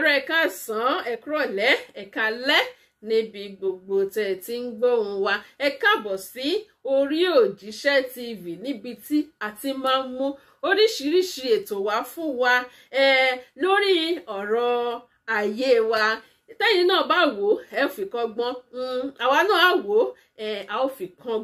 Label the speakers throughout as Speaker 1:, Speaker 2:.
Speaker 1: káàárọ̀ ẹ káàsán ẹ kúrọ̀lẹ́ ẹ kálẹ́ níbi gbogbo tẹ́ ẹ ti ń gbóhùn wa ẹ káàbọ̀ sí orí òjíṣẹ́ tv níbi tí a ti máa ń mú oríṣiríṣi ètò wá fún wa ẹ lórí ọ̀rọ̀ ayé wa tẹ́yìn náà bá wò ẹ ò fi kan gbọ́n hmm, àwa náà á wò ẹ a ò fi kan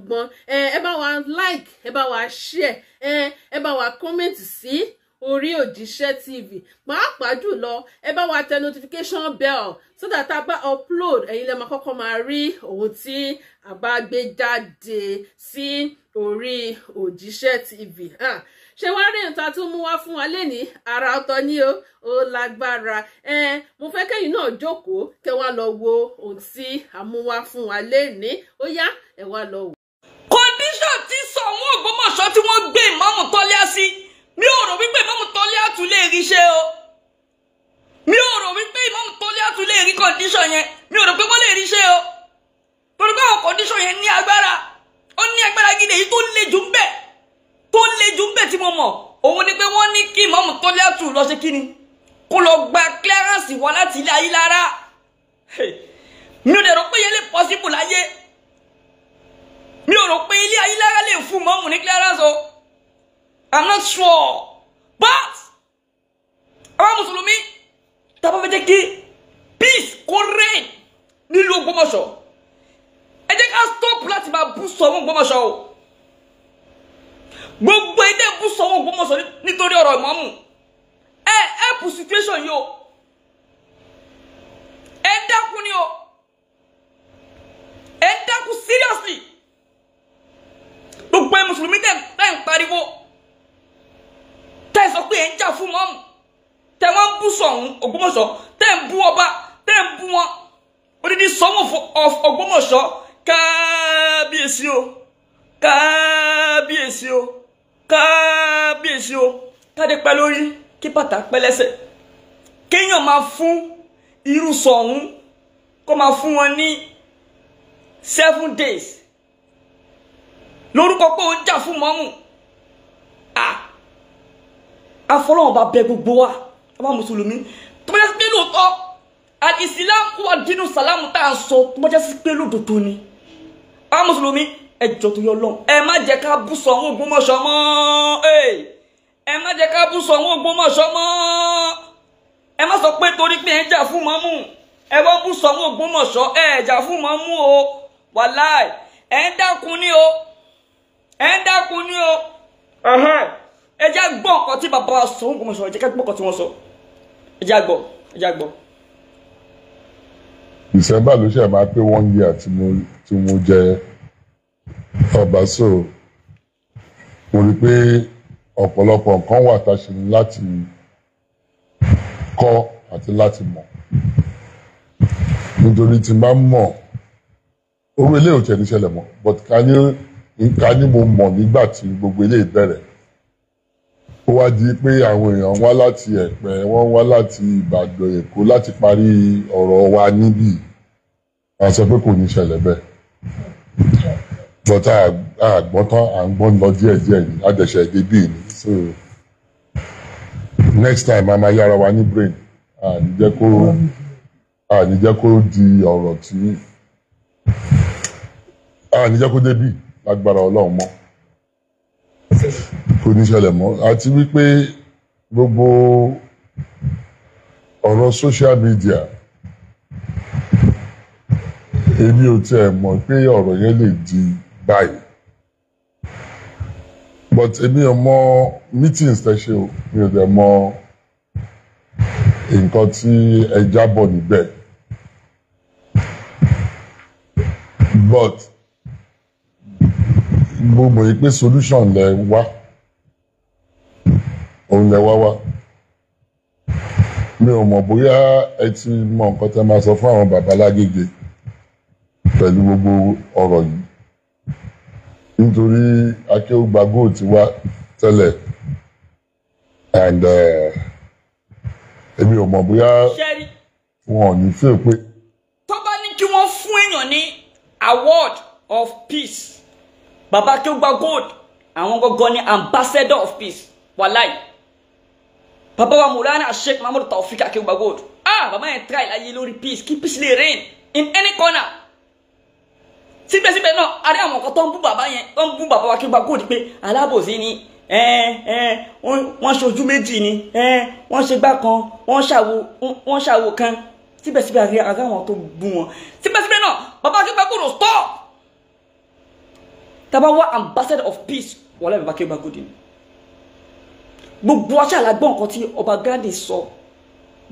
Speaker 1: ẹ bá wa like ẹ bá wa share ẹ bá wa comment sí. Si orí òjíṣẹ́ tv pàápàá jùlọ ẹ bá wa tẹ notification bell so that a bá upload ẹ̀yin lẹ́ẹ̀ máa kọ́kọ́ máa rí ohun tí a bá gbé jáde sí orí òjíṣẹ́ tv ṣé wá rí nǹkan tó mú wá fún wa lẹ́ni ara ọ̀tọ̀ ni o ó lágbára ẹ mo fẹ́ kẹ́yìn náà jókòó kẹ́ wá lọ wo ohun tí a mú wá fún wa lẹ́ni ó yá ẹ wá lọ wò. kọ́ndíṣọ̀ tí sọ̀wọ́n Ògbómọ̀ṣọ́ tí wọ́n gbé ìmọ̀ọ́mù tọ́lá sí mi ò rò wípé Imam Toliatu lè rí ṣe o mi
Speaker 2: ò rò wípé Imam Toliatu lè rí condition yẹn mi ò rò pé wọ́n lè rí ṣe o torí pé àwọn condition yẹn ní agbára ó ní agbára gidi èyí tó le jù ń bẹ̀ tó le jù ń bẹ̀ tí mo mọ̀ òun ni pé wọ́n ní kí Imam Toliatu lọ ṣe kíni kó lọ gba clearance wá láti ilé ayé lára mi ò dẹ̀ rò pé yẹn lè possible láyé mi ò rò pé ilé ayé lára lè fún mọ́mù ní clearance o i'm not sure but àwọn mùsùlùmí tá a bá fẹ́ jẹ́ kí peace kó reign nílùú Ògbómọ̀ṣọ́ ẹ jẹ́ ká stop láti máa bú sọ̀wọ́n Ògbómọ̀ṣọ́ o gbogbo ẹdẹ bú sọ̀wọ́n Ògbómọ̀ṣọ́ nítorí ọ̀rọ̀ ìmọ̀ọ́mù ẹ help situation yìí o ẹ dákun ni o ẹ dákun seriously gbogbo ẹ mùsùlùmí tẹ̀ ń pariwo sọ pé ẹ ń jà fún mọ́mù tẹ wọ́n bú sọ̀hún Ògbómọ̀ṣọ́ tẹ ń bú ọba tẹ ń bú wọn odidi sọ́mù Ògbómọ̀ṣọ́ kábíyèsí o kábíyèsí o kábíyèsí o kádé pẹ́ lórí kí bàtà pẹ́ lẹ́sẹ̀ kéèyàn máa fún irú sọ̀hún kó máa fún wọn ní seven days lórúkọ pé ó ń jà fún mọ́mù ah afọlọ́wọ́n bá bẹ gbogbo wa ọba mùsùlùmí tó bá jẹ́ pé lóòótọ́ àìsílámù wà dínú sàlámù tá à ń sọ tó bá jẹ́ sí pé lódodo ni ọba mùsùlùmí ẹ jọ tó yọ lọ́n ẹ má jẹ́ ká bú Ṣọ̀ún Ògbómọ̀ṣọ́ mọ́ ẹ má jẹ́ ká bú Ṣọ̀ún Ògbómọ̀ṣọ́ mọ́ ẹ má sọ pé torí pé ẹ jà fún mọ́mú ẹ bá bú Ṣọ̀ún Ògbómọ̀ṣọ́ ẹ jà fún mọ́mú o wàláì ẹ ń dákun ní o ẹ ń dákun ní o ẹ jẹ́ gbọ́ nǹkan tí bàbá wa sọ nǹkan sọ ẹ jẹ́ ká gbọ́ nǹkan tí wọ́n sọ ẹ jẹ́ gbọ́ ẹ jẹ́ gbọ́.
Speaker 3: December ló ṣe máa pé one year tí mo tí mo jẹ ọba so mo rí i pé ọ̀pọ̀lọpọ̀ nǹkan wà tá a ṣe ní láti kọ́ àti láti mọ̀ nítorí tí n bá mọ̀ orí ilé ò tẹ̀ ní ṣẹlẹ̀ mọ́ but ká ní ká ní mo mọ̀ nígbà tí gbogbo ilé ìbẹ̀rẹ̀ wá di pé àwọn èèyàn wá láti ẹ̀pẹ́ wọ́n wá láti ìbàdàn èkó láti parí ọ̀rọ̀ wa níbí a sọ pé kò ní ṣẹlẹ̀ bẹ́ẹ̀ but àgbọ́n tán à ń gbọ́n lọ díẹ̀díẹ̀ ní àdẹ̀ṣẹ̀ débì ni so next time a máa yára wa ní brain àníjẹ́ kó àníjẹ́ kó di ọ̀rọ̀ tí àníjẹ́ kó débì lágbára ọlọ́run mọ́ kò ní ṣẹlẹ̀ mọ́ àti wípé gbogbo ọ̀rọ̀ social media èmi ò tiẹ̀ mọ̀ pé ọ̀rọ̀ yẹn lè di báyìí but èmi ò mọ̀ meetings tẹ́ ṣe o mi ò dẹ̀ mọ̀ nǹkan tí ẹ jábọ̀ níbẹ̀ but gbogbo yìí pé solution lẹ wá òun lẹ wá wá mi ò mọ̀ bóyá ẹ ti mọ nǹkan tẹ́ máa sọ fún àwọn bàbá lágége pẹ̀lú gbogbo ọ̀rọ̀ yìí nítorí akéwùgbà gold ti wá tẹ́lẹ̀ and eh, èmi ò mọ̀ bóyá wọn ò ní fi pé.
Speaker 2: tó bá ní kí wọ́n fún èèyàn ní award of peace bàbá akéwùgbà gold àwọn gangan ni ambassador of peace wàláì bàbá wa Mawlana Sheikh Mahmoud Taofik Akeugbagold ah bàbá yẹn try láyé lórí peace kí peace lè reign in any corner síbẹ̀síbẹ̀ náà a rí àwọn kan tó ń bú bàbá yẹn tó ń bú eh wa Akeugbagold pé alábòsí ni eh, eh, wọ́n ṣojú méjì ni eh, wọ́n ṣe gbá kan wọ́n ṣàwo kan síbẹ̀síbẹ̀ àrí àwọn tó bú wọn síbẹ̀síbẹ̀ náà bàbá Akeugbagold stop tàbá wá ambassador of peace wọlé bàbá Akeugbagold ni gbogbo aṣáàlágbọ́n nǹkan tí ọba Ghandi sọ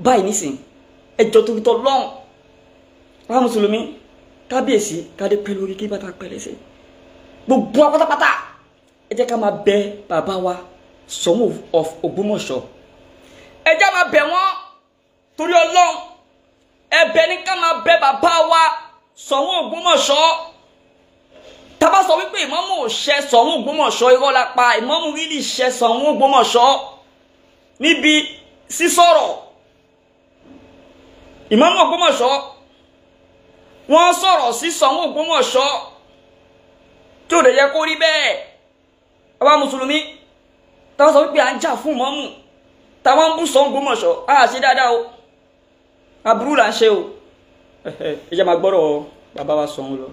Speaker 2: báyìí nísìn ẹjọ́ torí tọ́ lọ́hùn wá mùsùlùmí kábíyèsí kádé pẹ́ lórí kí bàtà pẹ́ lẹ́sẹ̀ gbogbo wa pátápátá ẹ jẹ́ ká máa bẹ bàbá wa Ṣọ̀ún of Ògbómọ̀ṣọ́ ẹ jẹ́ máa bẹ̀ wọ́n torí ọlọ́run ẹ̀bẹ̀ ni ká máa bẹ bàbá wa Ṣọ̀ún Ògbómọ̀ṣọ́ tábà sọ wípé ìmáàmù ò ṣẹ Ṣọ̀ún Ògbómọ̀ṣọ́ irọ́ la pa ìmáàmù rílì ṣẹ Ṣọ̀ún Ògbómọ̀ṣọ́ níbi sísọ̀rọ̀ ìmáàmù Ògbómọ̀ṣọ́ wọ́n sọ̀rọ̀ sí Ṣọ̀ún Ògbómọ̀ṣọ́ tí ò lè yẹ kó rí bẹ́ẹ̀ bàbá mùsùlùmí tábà sọ wípé à ń jà fún ìmáàmù táwọn ń bú Ṣọ̀ún Ògbómọ̀ṣọ́ á ṣe dáadáa o aburú là ń ṣe o ẹ jẹ́ máa gbọ́rọ̀ bàbá wa Ṣọ̀ún lọ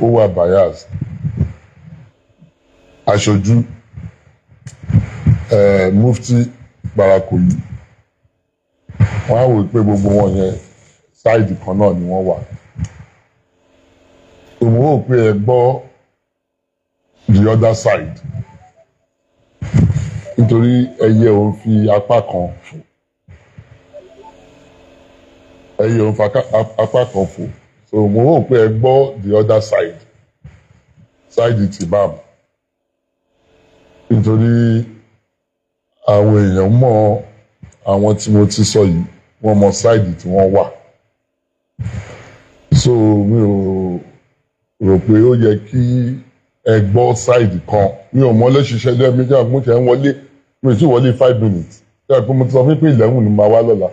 Speaker 3: ó wà bias aṣojú eh, mufti barakoli wọ́n á wò pé gbogbo wọn yẹn ṣáìdì kan náà ni wọ́n wà òun ò pé ẹ gbọ́ the other side nítorí ẹyẹ òun fi apá kan fò ẹyẹ òun fi apá kan fò so mo rò pé ẹ gbọ́ the other side side ti bam nítorí àwọn èèyàn mọ̀ àwọn tí mo ti sọ yìí wọ́n mọ̀ side tí wọ́n wà so mi ò rò pé ó yẹ kí ẹ gbọ́ side kan mi ò mọ́lé ṣiṣẹ́ lẹ́ẹ̀mí jẹ́ àmúṣe ń wọlé mi ò tí wọlé five minutes ṣé àpò mo ti sọ fún pé eleven ni màá wá lọ́la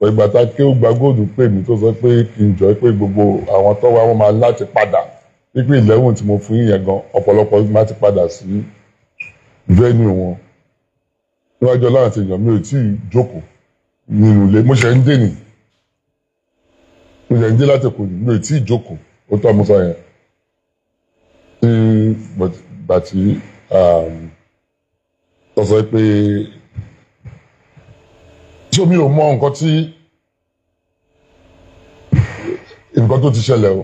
Speaker 3: ìgbà tá a ké ó gba góòlù pè mí tó sọ pé kí n jọ pé gbogbo àwọn tó wá wọn máa láti padà wípé ìlẹ́wọ̀n tí mo fún yín yẹn gan ọ̀pọ̀lọpọ̀ máa ti padà sí venue wọn níwájú ọlọ́run àti èèyàn mi ò tí ì jókòó nínú ilé mo ṣe ń dè nì mo ṣe ń dé láti kò ní mi ò tí ì jókòó ó tọ́ mo sọ yẹn ní gbàtí um, tọ́sọ pé tí omi ò mọ nǹkan tí nǹkan tó ti ṣẹlẹ̀ o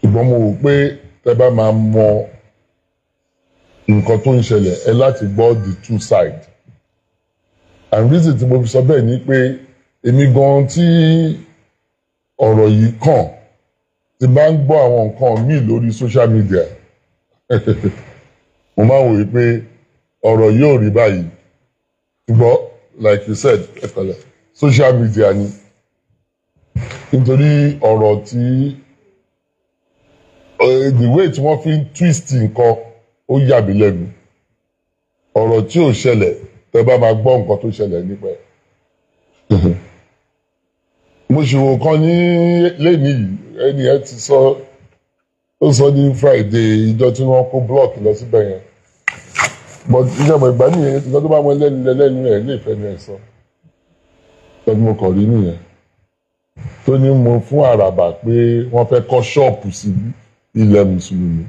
Speaker 3: ṣùgbọ́n mo rò pé tẹ bá máa mọ nǹkan tó ń ṣẹlẹ̀ ẹ láti gbọ́ the two sides and reason tí mo fi sọ bẹ́ẹ̀ ni pé èmi gan tí ọ̀rọ̀ yìí kàn ti bá ń gbọ́ àwọn nǹkan míì lórí social media mo máa ń wòye pé ọ̀rọ̀ yóò rí báyìí ṣùgbọ́n like you said ẹ̀tẹ̀lẹ̀ social media ni nítorí ọ̀rọ̀ tí eh, the way tí wọ́n fi ń twist nǹkan ó yà mí lẹ́nu ọ̀rọ̀ tí ò ṣẹlẹ̀ tẹ bá máa gbọ́ nǹkan tó ṣẹlẹ̀ nípa ẹ̀. mo ṣòwò kan ní lẹ́nìí ẹni ẹ ti sọ ó sọ ní Friday ìjọ tí wọ́n kó block lọ síbẹ̀ yẹn but ìjọba ìgbà nìyẹn ìgbà tó bá mọ lẹ́nu lẹ́nu ẹ̀ lè fẹ́nu ẹ̀ sọ tọ́jú mo kọ̀ rí nìyẹn tó ní mo fún àràbà pé wọ́n fẹ́ kọ́ ṣọ́ọ̀pù sí ilẹ̀ mùsùlùmí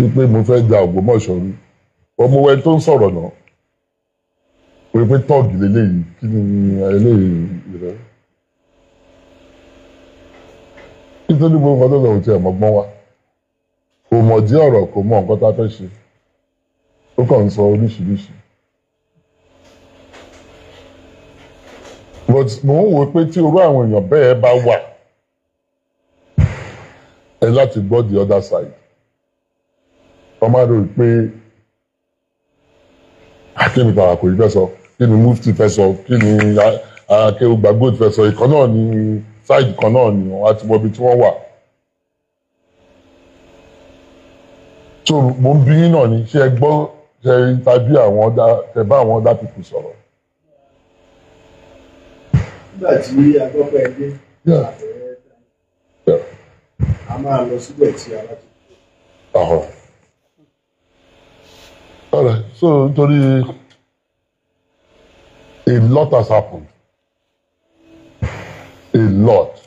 Speaker 3: wípé mo fẹ́ ja Ògbómọ̀ṣọ́ rí ọmọ wẹ́n tó ń sọ̀rọ̀ náà pé tọ́ọ̀gì lélẹ́yìí kí ni eléyìí rẹ̀ nítorí gbogbo nǹkan tó lọ òun ti ẹ̀mọ́gbọ́n wa kò mọ̀ dí ọ̀rọ̀ kò mọ̀ nǹkan tá a fẹ́ ṣe ó kàn ń sọ oríṣiríṣi. but mò ń wò pé tí orú àwọn èèyàn bẹ́ẹ̀ bá wà ẹ láti gbọ́ the other side ọmọ àdó rí pé akéwì ah, tààrà kò rí fẹ́ sọ kí ni mufti fẹ́ sọ kí ni akéwì gbàgbóòtù fẹ́ sọ ìkan náà ni side kan náà ni wọn á ti mọ ibi tí wọ́n wà. so mo ń bí yín náà ni ṣé ẹ gbọ́ tẹ interview àwọn ọ̀dà tẹ bá àwọn ọ̀dà pipu sọ̀rọ̀.
Speaker 4: nígbà tí agbọ́pọ̀ ẹ dé àbẹ̀rẹ̀ a máa lọ síbẹ̀ tí a bá ti
Speaker 3: kú. Alright, so nítorí a lot has happened. A lot.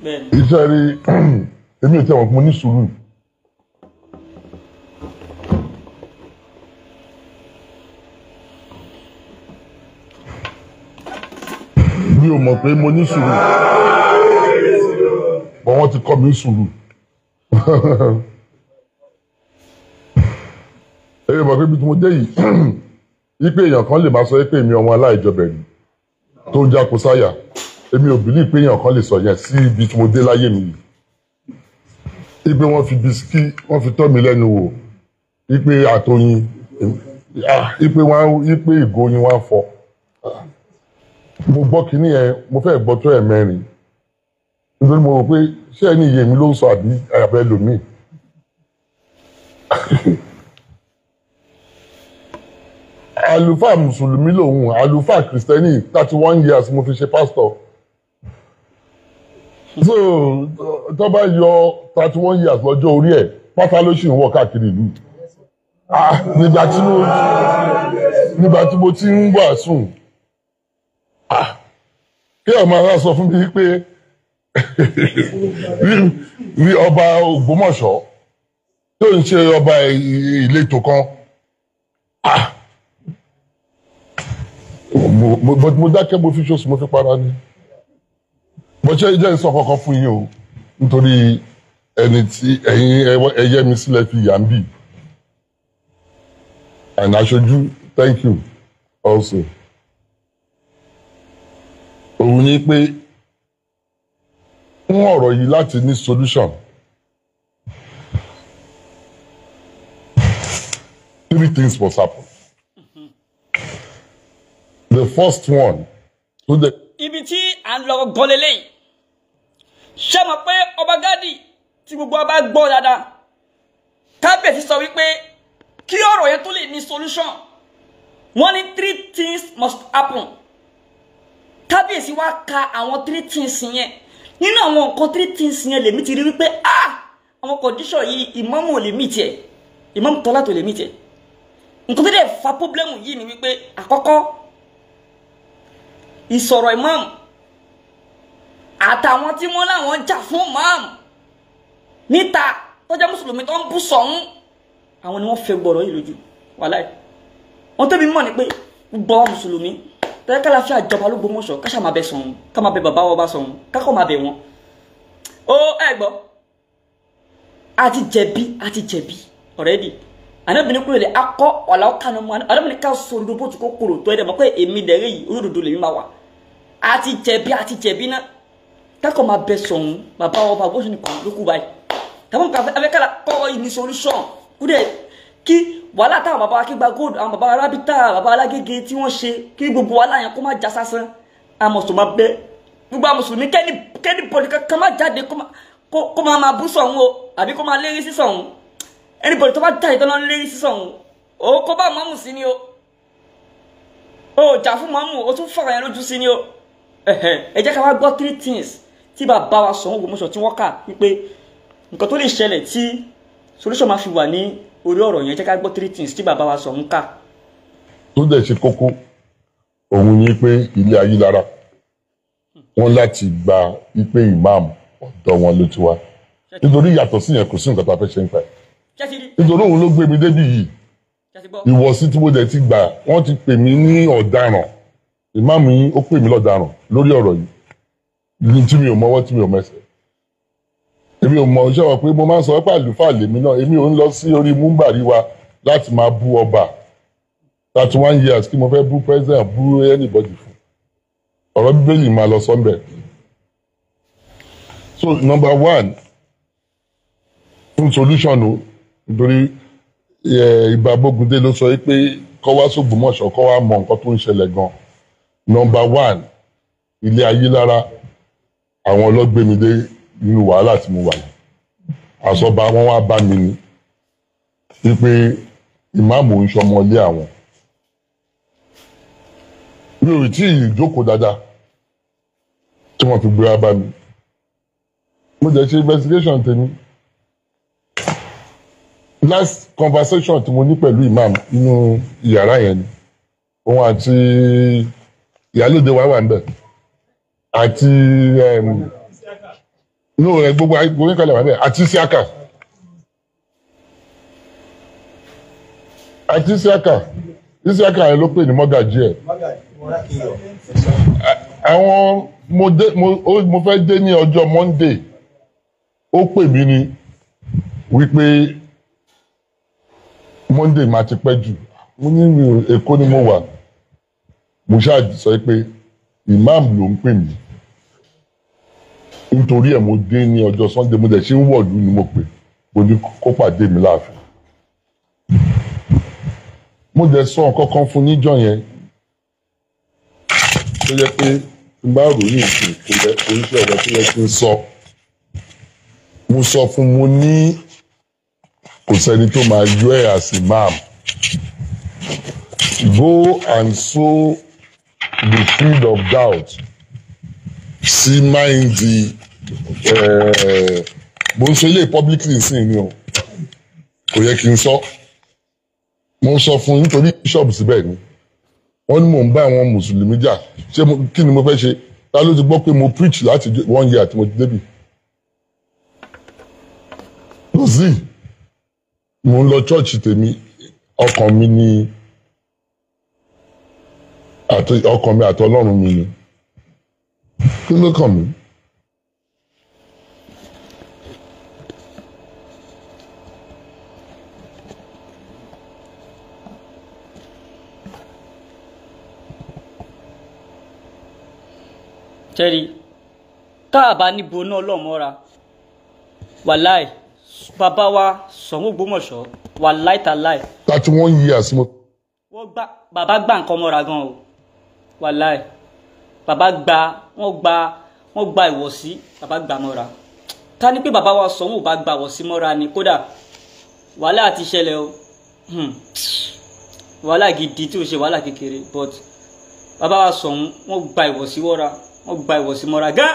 Speaker 3: iṣẹ́ rí èmi ò tẹ̀wọ̀n mo ní sùúrù. mi ò mọ̀ pé mo ní sùúrù bọ́n wọ́n ti kọ́ mi sùúrù. èyí mọ̀ pé bí mo dé yìí ipe èèyàn kan lè máa sọ pé èmi ọmọ aláìjọbẹ̀ ni tó ń jákòó sáyà èmi ò bìlí pé èèyàn kan lè sọ yẹn sí ibi tí mo dé láyé mi yìí ipe wọ́n fi bisikí wọ́n fi tọ́ mi lẹ́nu wò ipe àtọyìn ipe wọn ipe ìgòyìn wọn fọ mo gbọ́ kínní yẹn mo fẹ́ gbọ́ tó ẹ̀ mẹ́rin nítorí mo rò pé ṣé ẹni iye mi ló ń sọ àbí àbẹ lòmíì àlùfáà mùsùlùmí lòun àlùfáà kìrìsìtẹ́nì thirty one years mo fi ṣe pásítọ̀ so tó bá yọ thirty one years lọ́jọ́ orí ẹ̀ pátá ló sì ń wọ káàkiri ìlú ah, nígbà tí mo nígbà tí mo ti ń wàásù ah, kí ọmọ ara sọ fún mi pé rí ọba Ògbómọ̀ṣọ́ tó ń ṣe ọba ìletò kan ah, mo dákẹ́ mo fi ṣoṣù mo fi para ni bó ṣe jẹ́ sọ kọ́kọ́ fún yín o nítorí ẹni tí ẹ̀yin ẹyẹ mi sílẹ̀ fi yà ń bì and aṣojú thank you also òun ni pé fún ọ̀rọ̀ yìí láti ní solution three things must happen the first one to the
Speaker 2: níbi tí à ń lọ gan lélẹ́yìn ṣé mọ̀ pé ọba Ghadi tí gbogbo ọba gbọ́ dáadáa kábíyèsí sọ wípé kí ọ̀rọ̀ yẹn tó lè ní solution wọ́n ní three things must happen kábíyèsí wá ka àwọn three things yẹn nínú àwọn nǹkan three things yẹn lèmi ti rí wípé ah àwọn condition yìí ìmáàmù ò lè mí tiẹ̀ ìmáàmù Tọ́lá tó lè mí tiẹ̀ nǹkan tó dẹ̀ fa problem yìí ni wípé àkọ́kọ́ ìsọ̀rọ̀ imam àtàwọn tí wọ́n láwọn jà fún imam níta tó mùsùlùmí tó ń bú sọ̀hún àwọn ni wọ́n fẹ́ gbọ̀rọ̀ yìí lójú wàláì wọ́n tẹ́bi mọ̀ ni pé gbọ́ mùsùlùmí tẹ́lẹ̀ kálàfíà jọba ló gbọmọ̀ṣọ́ káṣà máa bẹ sọ̀hún ká máa bẹ bàbá wa bá sọ̀hún kákọ̀ máa bẹ wọn. ó ẹ gbọ́ a ti jẹ̀bi a ti jẹ̀bi already anabini kúrò lè akọ ọ̀làwọ̀ kanu mu anabini ká sọ̀rọ̀ bó ti kó kúrò tó ẹ̀ dẹ̀ mọ̀ pé èmi dẹ̀ rí yìí olódodo lèmi máa wà àti jẹ̀bi àti jẹ̀bi náà kákọ̀ máa bẹ sọ̀hún bàbá ọba gbóṣù nìkan ló kú báyìí tàbí nǹkan afẹ́kàlà kọ́ ìní solution kúdẹ̀ kí wàhálà táwọn bàbá wa kí gba gold àwọn bàbá arábítà bàbá alágége tí wọ́n ṣe kí gbogbo wàhálà yẹn kó má já sásán àmọ̀sùn máa bẹ gbogbo àmọ̀sùn ní kẹ́ni kẹ́ni bọ̀dì kankan má jáde kó máa máa bú sọ̀hún o àbí kó máa lérí sí sọ̀hún ẹni bọ̀dì tó bá jáde tó lọ ń lérí sí sọ̀hún o kó bá mọ́mù sí ni o o jà fún mọ́mù o tún fọ̀rọ̀ yẹn lójú sí ni o ẹ jẹ́ ká wá gbọ́ three things tí bàbá wa Ṣọ̀ún Ògbómọ̀ṣọ́ tí wọ́n kà wípé nǹkan tó lè ṣẹlẹ̀ tí solution máa fi wà ní orí ọ̀rọ̀ yẹn jẹ́ ká gbọ́ three things tí bàbá wa Ṣọ̀ún kà.
Speaker 3: tó dẹ̀ ṣe kókó òun ni pé ilé Ayílára wọn láti gba ipe imam ọ̀dọ̀ wọn ló ti wá nítorí yàtọ̀ sí yẹn kò sí nǹkan tá a fẹ́ ṣe ń pa nítorí òun ló gbé mi débi yìí ìwọ̀sí tí mo dẹ̀ ti gbà wọ́n ti pè mí ní ọ̀daràn ìmáàmù yín ó pè mí lọ́daràn lórí ọ̀rọ̀ yìí tí mi ò mọwọ́ tí mi ò mẹsẹ̀ èmi ò mọ iṣẹ́ wa pé mo máa ń sọ pé àlùfáà lèmi náà èmi ò ń lọ sí orí múmbàrí wa láti máa bú ọba thirty one years kí mo fẹ́ bú president bú anybody fún ọ̀rọ̀ bíbélì máa lọ sọ́ńbẹ̀. so number one fún solution o nítorí eh, ìbá Bógúndé ló sọ pé kọ́ wá s'Ògbómọ̀ṣọ́ kọ́ wá mọ nǹkan tó ń ṣẹlẹ̀ gan-an nọmba one ilé ayé lára àwọn ọlọ́gbẹ́mídé nínú wàhálà tí mo wà yìí àsọba wọn wá bá mi ni wípé ìmáàmù ń sọmọlé àwọn mi ò tí ì jókòó dáadáa tí wọ́n fi gbéra bá mi mo jẹ́ ṣe investigation tèmi last conversation tí mo ní pẹ̀lú ìmáàmù nínú yàrá yẹn ni òun àti ìyálòde wa wà ń bẹ̀ àti inú rẹ̀ gbogbo oníkàlẹ̀ wà ń bẹ̀ àti Isiaka àti siaka Isiaka rẹ̀ ló pè ní mọ́gàjì ẹ̀ àwọn mo fẹ́ dé ní ọjọ́ Monday ó pè mí ni wípé Monday máa ti pẹ́ jù mo ní Èkó ni mo wà mo ṣáà sọ pé imam ló ń pè mí nítorí ẹ̀ mo dé ní ọjọ́ sunday mo dẹ̀ ṣe ń wọ̀lú ni mo pè mo ní kó pàdé mi láàfin mo dẹ̀ sọ nǹkan kan fún níjọ́ yẹn tó yẹ pé bá ròyìn ìsìn ìpínlẹ̀ oríṣẹ́ ọ̀rọ̀ tó yẹ kí n sọ mo sọ fún mo ní kò sẹ́ni tó máa yọ ẹ̀ àsìmáàmù go and sow the seed of doubt sí máìndì eh, mo ń sọ ilé publicly nsìn ni o kò yẹ kí n sọ mo sọ fún un nítorí bishop síbẹ̀ ni wọ́n ní mò ń bá àwọn mùsùlùmí jà ṣé kí ni mo fẹ́ ṣe ta ló ti gbọ́ pé mo preach láti one year àti mo ti débì lọ sí mo ń lọ church tèmi ọkàn mi ni àti ọkàn mi àti ọlọ́run mi ni kí ló kàn mí.
Speaker 2: tẹ́rí tá a bá níbo náà lọ mọ́ra wàláì bàbá wa Ṣàngó Ògbómọ̀ṣọ́ wàláì tàláì.
Speaker 3: thirty one years mo.
Speaker 2: wọ́n gbà bàbá gbà nǹkan mọ́ra gan o wàláì bàbá gba wọ́n gba wọ́n gba ìwọ̀sí bàbá gba mọ́ra ká ní pé bàbá wa sọ wọn ò bá gba ìwọ̀sí mọ́ra ni kódà wàhálà ti ṣẹlẹ̀ o hmm. wàhálà gidi tí o ṣe wàhálà kékeré but bàbá wa sọ wọn gba ìwọ̀sí wọ́ra wọ́n gba ìwọ̀sí mọ́ra gán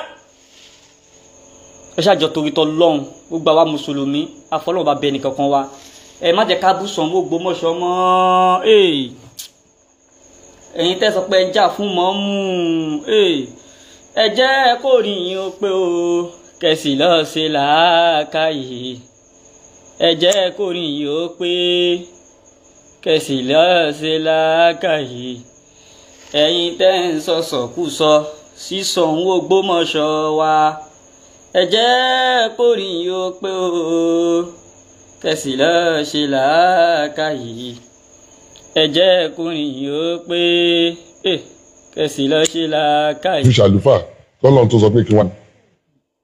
Speaker 2: ẹ ṣàjọ torí tọ lọ́hùn ó gba wa mùsùlùmí àfọlọ́wọ́ bá bẹ ẹnìkankan wa ẹ má jẹ́ ká bú Ṣàngó Ògbómọ̀ṣọ́ mọ́ ẹ́ẹ́ ẹ̀yin tẹ́ sọ pé ẹ jà fún mọ́mú eh, ẹ jẹ́ kó rí yín ó pé o kẹ̀sì lọ́ọ́ ṣe làákàyè ẹ jẹ́ kó rí yín ó pé kẹ̀sì lọ́ọ́ ṣe làákàyè ẹ̀yin tẹ́ ń sọ sọ̀kúsọ sísọ òun Ògbómọ̀ṣọ́ wa ẹ jẹ́ kó rí yín ó pé o kẹ̀sì lọ́ọ́ ṣe làákàyè ẹ̀jẹ̀ ẹ̀kùnrin yìí ó pé eh, kẹsì
Speaker 3: lọ ṣe la káyì. fi ṣàlùfà lọ́lọ́run tó sọ pé kí wọ́n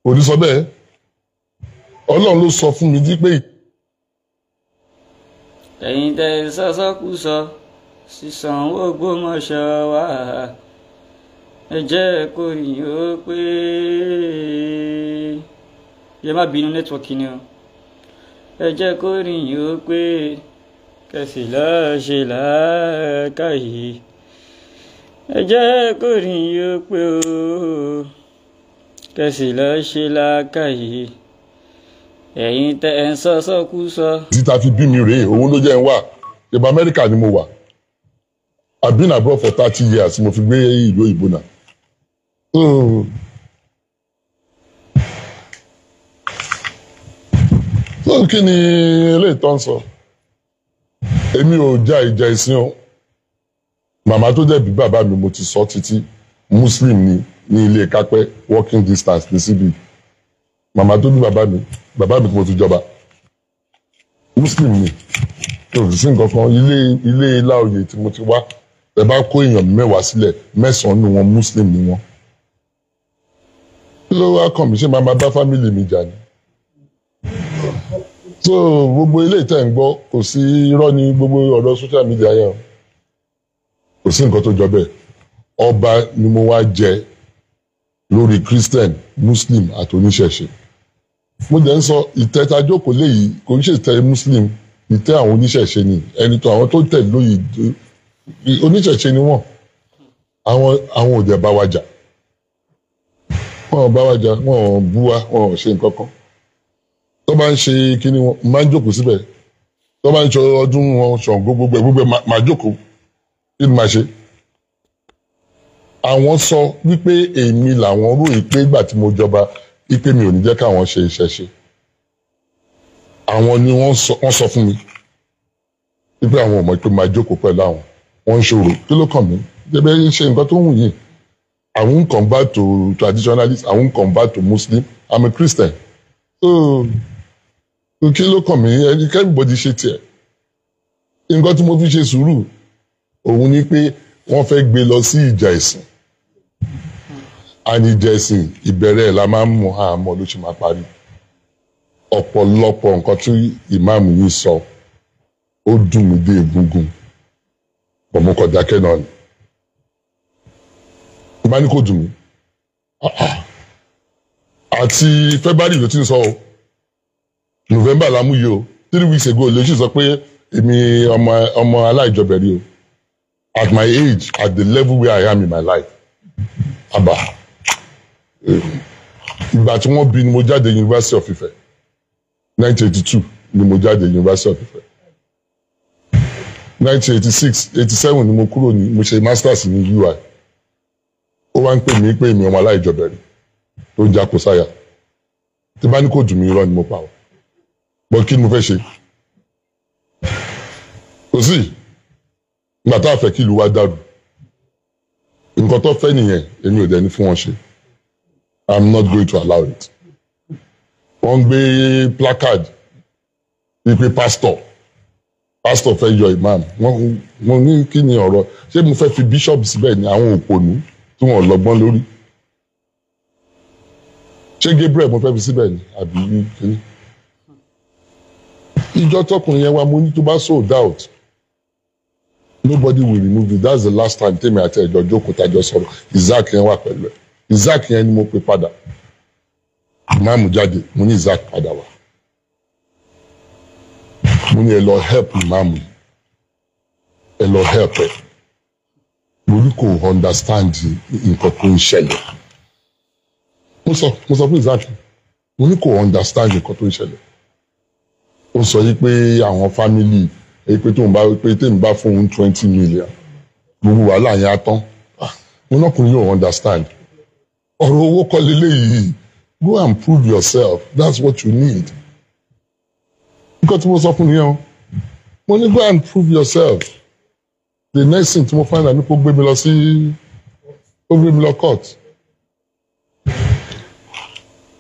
Speaker 3: kò ní sọ bẹ́ẹ̀ ọlọ́run ló sọ fún mi jí pé.
Speaker 2: ẹ̀yin tẹ sọ́sọ́kùsọ sísan owó gbọ́mọṣọ wá ẹ̀jẹ̀ ẹ̀kùnrin yìí pé yẹ má bínú nẹ́tíwọ̀kì ni o ẹ̀jẹ̀ ẹ̀kùnrin yìí pé kẹsì láṣẹ làákàyè ẹ jẹ́ kó rìn yóò pé o kẹsì láṣẹ làákàyè ẹ̀yin tẹ ẹ ń sọ sọkú sọ.
Speaker 3: títa fi bí mi rèé owó ló jẹ́ ń wà ìbá amẹ́ríkà ni mo wà I've been abroad for thirty years mo fi gbé ìlú òyìnbó náà. Hmm. so kí ni eléyìí tó ń sọ èmi ò já ìjà ìsìn o màmá tó dẹ̀bi bàbá mi mo ti sọ títí muslim ni ní ilé kápẹ́ walking distance ní síbi màmá tó bí bàbá mi bàbá mi mo ti jọba muslim ni kò sí nǹkan kan ilé ilé ilá oyè tí mo ti wá ẹ bá kó èèyàn mẹ́wàá sílẹ̀ mẹ́sàn ni wọ́n muslim ni wọ́n. kí ló wá kàn mí ṣé màá bá fámìlì mi jà ni so gbogbo ilé ìtẹ̀ ń gbọ́ kò sí irọ́ ní gbogbo ọ̀rọ̀ social media yẹn kò sí nǹkan tó jọ bẹ́ẹ̀ ọba ni mo wá jẹ lórí christian muslim àti oníṣẹ̀ṣe mo jẹ́ ń sọ ìtẹ́ ta jókòó léyìí kò ń ṣe ìtẹ́ muslim ìtẹ́ àwọn oníṣẹ̀ṣe ni ẹni tó àwọn tó tẹ̀ lóyè oníṣẹ̀ṣe ni wọ́n àwọn àwọn ò dẹ̀ bá wa jà wọ́n bá wa jà wọ́n bú wa wọ́n ṣe nǹkan kan tó bá ń ṣe kíní wọn máa ń jókòó síbẹ̀ tó bá ń ṣe ọdún wọn ṣọ̀ǹgó gbogbo ẹ̀ gbogbo ẹ̀ máa jókòó kí ni máa ṣe. àwọn sọ wípé èmi làwọn rò ìpé ìgbà tí mo jọba ìpé mi ò ní jẹ́ káwọn ṣe iṣẹ́ ṣe àwọn ni wọ́n sọ fún mi wípé àwọn ò mọ̀ pé máa jókòó pẹ̀lú àwọn wọ́n ń ṣòro kí ló kàn mí jẹ́bẹ́ ṣe nǹkan tó wù yìí I won't convert to traditionalist I won't convert to Muslim I'm a Christian. So, kí ló kàn mí ẹni kẹ́mìbọ́dì ṣe tiẹ̀ nǹkan tí mo fi ṣe sùúrù òun ni pé wọ́n fẹ́ gbé lọ sí ìjà ẹ̀sìn àní ìjà ẹ̀sìn ìbẹ̀rẹ̀ la máa ń mú àmọ́ ló ṣe máa parí ọ̀pọ̀lọpọ̀ nǹkan tí ìmáàmù yìí sọ ó dùn mí dé egungun bọ̀ dákẹ́ náà ni ìbá kò dùn mí ah, ah. àti fẹ́bárì ló ti ń sọ o november la mú o three weeks ago lóṣù sọ pé èmi ọmọ ọmọ aláìjọbẹ̀ rí o at my age at the level where I am in my life àbá ìgbà tí wọ́n bí ni mo jáde University of Ife nineteen eighty two ni mo jáde University of Ife nineteen eighty six eighty seven ni mo kúrò ní mo ṣe masters ní UI ó wá ń pè mí pé èmi ọmọ aláìjọbẹ̀ rí tó ń jà kó sáyà tí bá ní kò dùn mí irọ́ ni mo pa ọ́ but kí ni mo fẹ́ ṣe kò sí ìgbà tá a fẹ́ kí ìlú wa dàrú nǹkan tó fẹ́ nìyẹn èmi ò dẹni fún wọn ṣe i'm not going to allow it wọ́n gbé placard wípé pastor pastor fẹ́ yọ imam wọ́n ní kí ni ọ̀rọ̀ ṣé mo fẹ́ fi bishop síbẹ̀ ni àwọn òpònú tí wọ́n lọ́gbọ́n lórí ṣé Gabriel mo fẹ́ fi síbẹ̀ ni àbí kíni ìjọ tọkùnrin yẹn wa mo ní tó bá sold out nobody will remove you. that's the last time tèmi àti ẹjọ jókòó tájọ sọ̀rọ̀ Isaac yẹn wà pẹ̀lú ẹ Isaac yẹn ni mo pe padà máa mú jáde mo ní Isaac padà wá mo ní ẹ lọ help máàmù ẹ lọ help ẹ lórí kò understand nǹkan tó ń ṣẹlẹ̀ mo sọ mo sọ fún Isaac mo ní kò understand nǹkan tó ń ṣẹlẹ̀ ó sọ yí pé àwọn fámìlì ẹ pé tóun bá pé tèmi bá fóun twenty million gbogbo wàhálà yẹn á tán ah, mo náà kùnrin yóò understand ọ̀rọ̀ owó kọ́ leléyìí go and prove yourself that's what you need nǹkan tí mo sọ fún nìyẹn o mo ní go and prove yourself the next thing tí mo find out ni kó gbé mi lọ sí ó gbé mi lọ court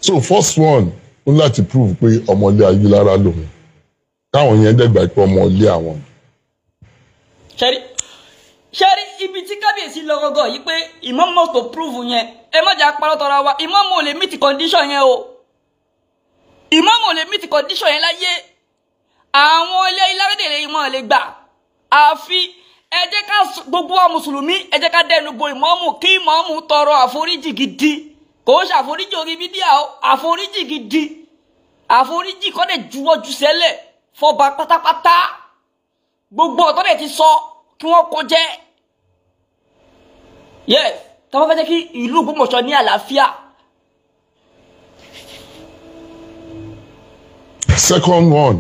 Speaker 3: so first one ó láti prove pé ọmọlé ayélujára lòun káwọn yẹn dẹ̀gbà pé ọmọ ilé àwọn.
Speaker 2: ṣẹ́rí ṣẹ́rí ibi tí kábíyèsí lọ gọ́gọ́ yìí pé ìmáàmù must to prove yẹn ẹ má jà parọ́ tọ́ra wa ìmáàmù ò lè meet condition yẹn o ìmáàmù ò lè meet condition yẹn láyé àwọn ilé ilárédèrè ìmọ̀ lè gbà àfi ẹ jẹ́ ká gbogbo wa mùsùlùmí ẹ jẹ́ ká dẹnu bo ìmáàmù kí ìmáàmù tọrọ àforíjì gidi kò ń ṣàforíjì orí fídíà àforíjì gidi àforíjì kọ́ dẹ̀ juwọ́ fọba pátápátá gbogbo ọ̀tọ́ dẹ̀ ti sọ kí wọ́n kó jẹ́ yẹ táwọn fẹ́ jẹ́ kí ìlú Ògbómọ̀ṣọ́ ní àlàáfíà.
Speaker 3: second one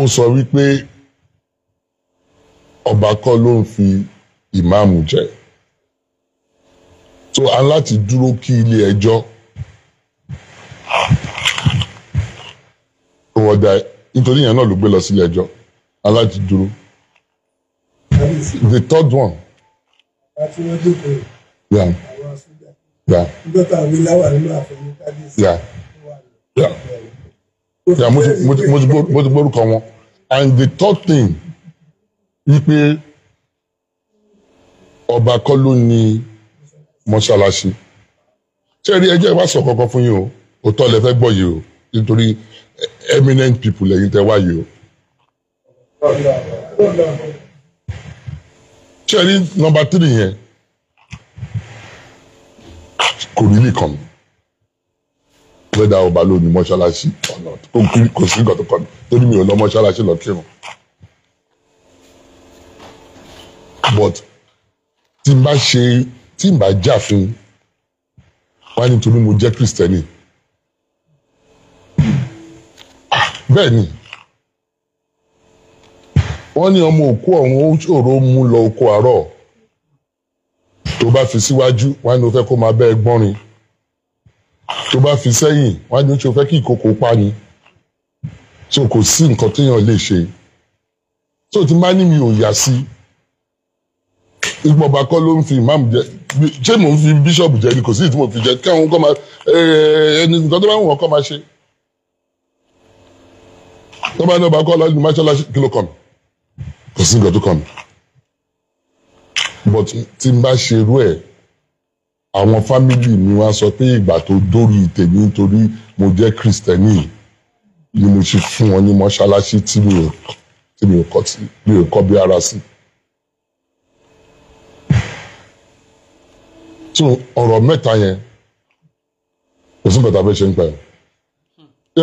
Speaker 3: ó sọ wípé ọba kọ́ ló ń fi ìmáàmù jẹ so a láti dúró kí ilé ẹjọ́. E tó wọ́n da nítorí yẹn náà ló gbé lọ sílé ẹjọ́ aláàjì dúró the third one. yeah, yeah,
Speaker 4: dúpọ̀ àwọn asúgbà nígbà tá a wí láwà nínú àfẹnú
Speaker 3: kábíyèsí wà ní. mo ti gbórúkọ wọn and the third thing ni pé ọba kọ́ ló ní mọ́ṣáláṣí ṣé ẹ rí ẹjọ́ ìwà sọ kankan fún yín o òótọ́ lẹ fẹ́ gbọ́ yìí o nítorí eminent people lẹ́yìn tẹ́ wá yìí o. ṣẹ́rí nọmba tírì yẹn kò rí nìkan wẹ́dà ọba ló ní mọ́ṣáláṣí ọ̀nà kò sí nǹkan tó kọ́ tó ní mi ò lọ mọ́ṣáláṣí lọ kírun. but tí n bá ṣe tí n bá jà fún wá nítorí mo jẹ́ kristẹni. bẹ́ẹ̀ ni wọ́n ní ọmọ òkú ọ̀hún ó ṣòro mú lọ oko àárọ̀ tó bá fi síwájú wọ́n ní o fẹ́ kó máa bẹ́ẹ̀ gbọ́nrin tó bá fi sẹ́yìn wọ́n ní o ṣe fẹ́ kí ìkòkò pa ni so kò sí nǹkan téèyàn lè ṣe so tí má ní mi ò yà sí ìgbọ̀nba kọ́ ló ń fi ìmáàmù jẹ ṣé mò ń fi bíṣọ̀bù jẹ ni kò sí ìtumọ̀ fi jẹ kí àwọn kọ́ máa ẹni nǹkan tó bá wù wọ́n kọ́ máa ṣe tọ́ba náà bá kọ́ ọ̀làjú mọ́ṣáláṣí kí ló kàn mí kò sí nǹkan tó kàn mí but tí n bá ṣerú ẹ̀ àwọn fámìlì mi wá sọ pé ìgbà tó dórí tèmi nítorí mo jẹ́ kristẹni ni mo ṣe fún wọn ní mọ́ṣáláṣí tí mi ò tí mi ò kọ́ tí mi ò so ọ̀rọ̀ mẹ́ta yẹn kò sí nǹkan tá a fẹ́ ṣe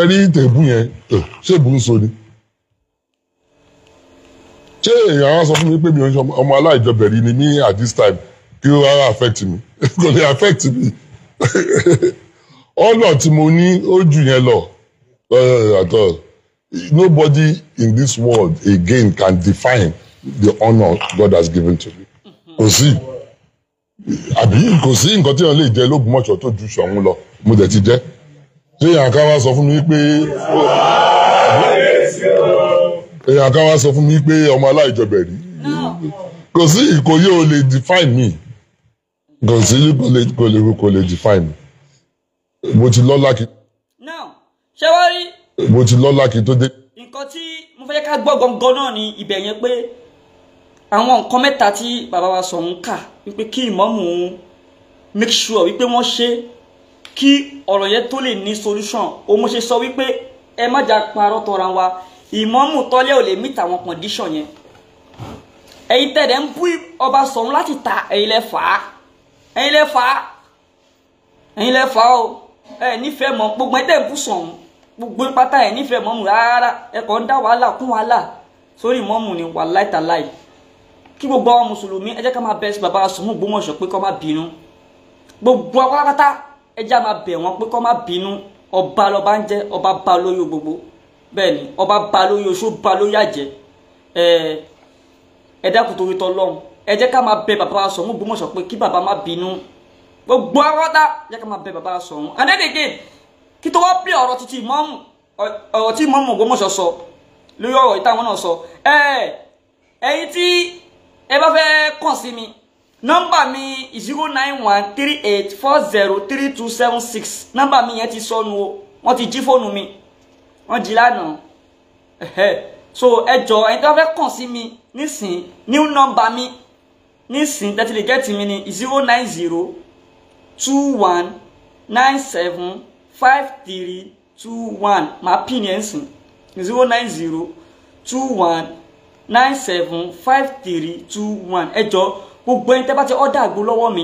Speaker 3: ẹrí tẹ̀bù yẹn ṣé bùn so ni ṣé èèyàn wá sọ fún mi pé mi ò ń ṣe ọmọ aláìjọbẹ̀rí ni mí at this time kí ó rárá affect mi kò lè affect mi ọ̀nà tí mo ní ó jù yẹn lọ at all nobody in this world again can define the honour God has given to me kò sí àbí kò sí nǹkan tí wọn lè jẹ lóògùn mọ̀ṣọ́ tó ju ṣọ̀hún lọ mo dẹ̀ ti jẹ́ ṣé èèyàn kan wá sọ fún mi pé èèyàn kan wá sọ fún mi pé ọmọ aláìjọbẹ̀ rí kò sí ìkòyé o lè define me kò sí kò lè kò lè kò lè define me mo ti lọ́lá kí.
Speaker 2: now ṣé wọ́n rí.
Speaker 3: mo ti lọ́lá kí tó dé.
Speaker 2: nǹkan tí mo fẹ́ ká gbọ́ gangan náà ni ibẹ̀ yẹn pé àwọn nǹkan mẹ́ta tí bàbá wa sọ ń kà wípé kí ìmọ̀mù make sure wípé wọ́n ṣe é kí ọ̀rọ̀ yẹn tó lè ní solution o mo ṣe sọ wípé ẹ má jà parọ́ tọra wa ìmọ̀ọ́mù tọ́lẹ̀ ò lè meet àwọn condition yẹn ẹ̀yin tẹ̀lé ń bú ọba sọ̀run láti ta ẹ̀yin lẹ fà á ẹ̀yin lẹ fà á ẹ̀yin lẹ fà á o ẹ̀ nífẹ̀ẹ́ mọ́ gbogbo ẹ̀ tẹ̀ ń bú sọ̀run gbogbo pátá ẹ̀ nífẹ̀ẹ́ mọ́mù rárá ẹ̀ kàn ń dá wàhálà kún wàhálà sórí mọ́mù ni wàláì tàláì kí gbogbo àwọn mùsùlùmí ẹ jẹ́ ká máa bẹ́ẹ̀ sí bàbá sọ̀run gbọ́mọ̀ṣọ́ pé kó má bínú gbogbo apátápátá ẹ já máa bẹ̀ wọ́n pé kọ́ má bínú ọba lọ́ba ń jẹ́ ọba ba lóyè gbogbo bẹ́ẹ̀ ni ọba ba lóyè oṣù ba lóyè àjẹ́ ẹ ẹ dákun torí tọ́ lọ́hùn ẹ jẹ́ ká máa bẹ bàbá wa sọ̀rọ̀ Ògbómọ̀ṣọ́ pé kí bàbá má bínú gbogbo awọ́dá jẹ́ ká máa bẹ bàbá wa sọ̀rọ̀ and then again kí tó wá pé ọ̀rọ̀ títí mọ́mù ọ̀rọ̀ tí mọ́mù Ògbómọ̀ṣọ́ sọ lórí ọ̀rọ̀ ìtàwọn náà sọ ẹ nọ́mbà mi zero nine one three eight four zero three two seven six nọ́mbà mi yẹn ti sọnù o wọ́n ti jí fóònù mi wọ́n jí lánàá so ẹ jọ ẹni tó fẹ́ kàn sí mi nísìn new number mi nísìn tẹ́tí lè gẹ́tì mi ní zero nine zero two one nine seven five three two one màá pin yẹn sìn zero nine zero two one nine seven five three two one ẹ gbogbo ẹni tẹ́ bá ti ọ́dà àgbo lọ́wọ́ mi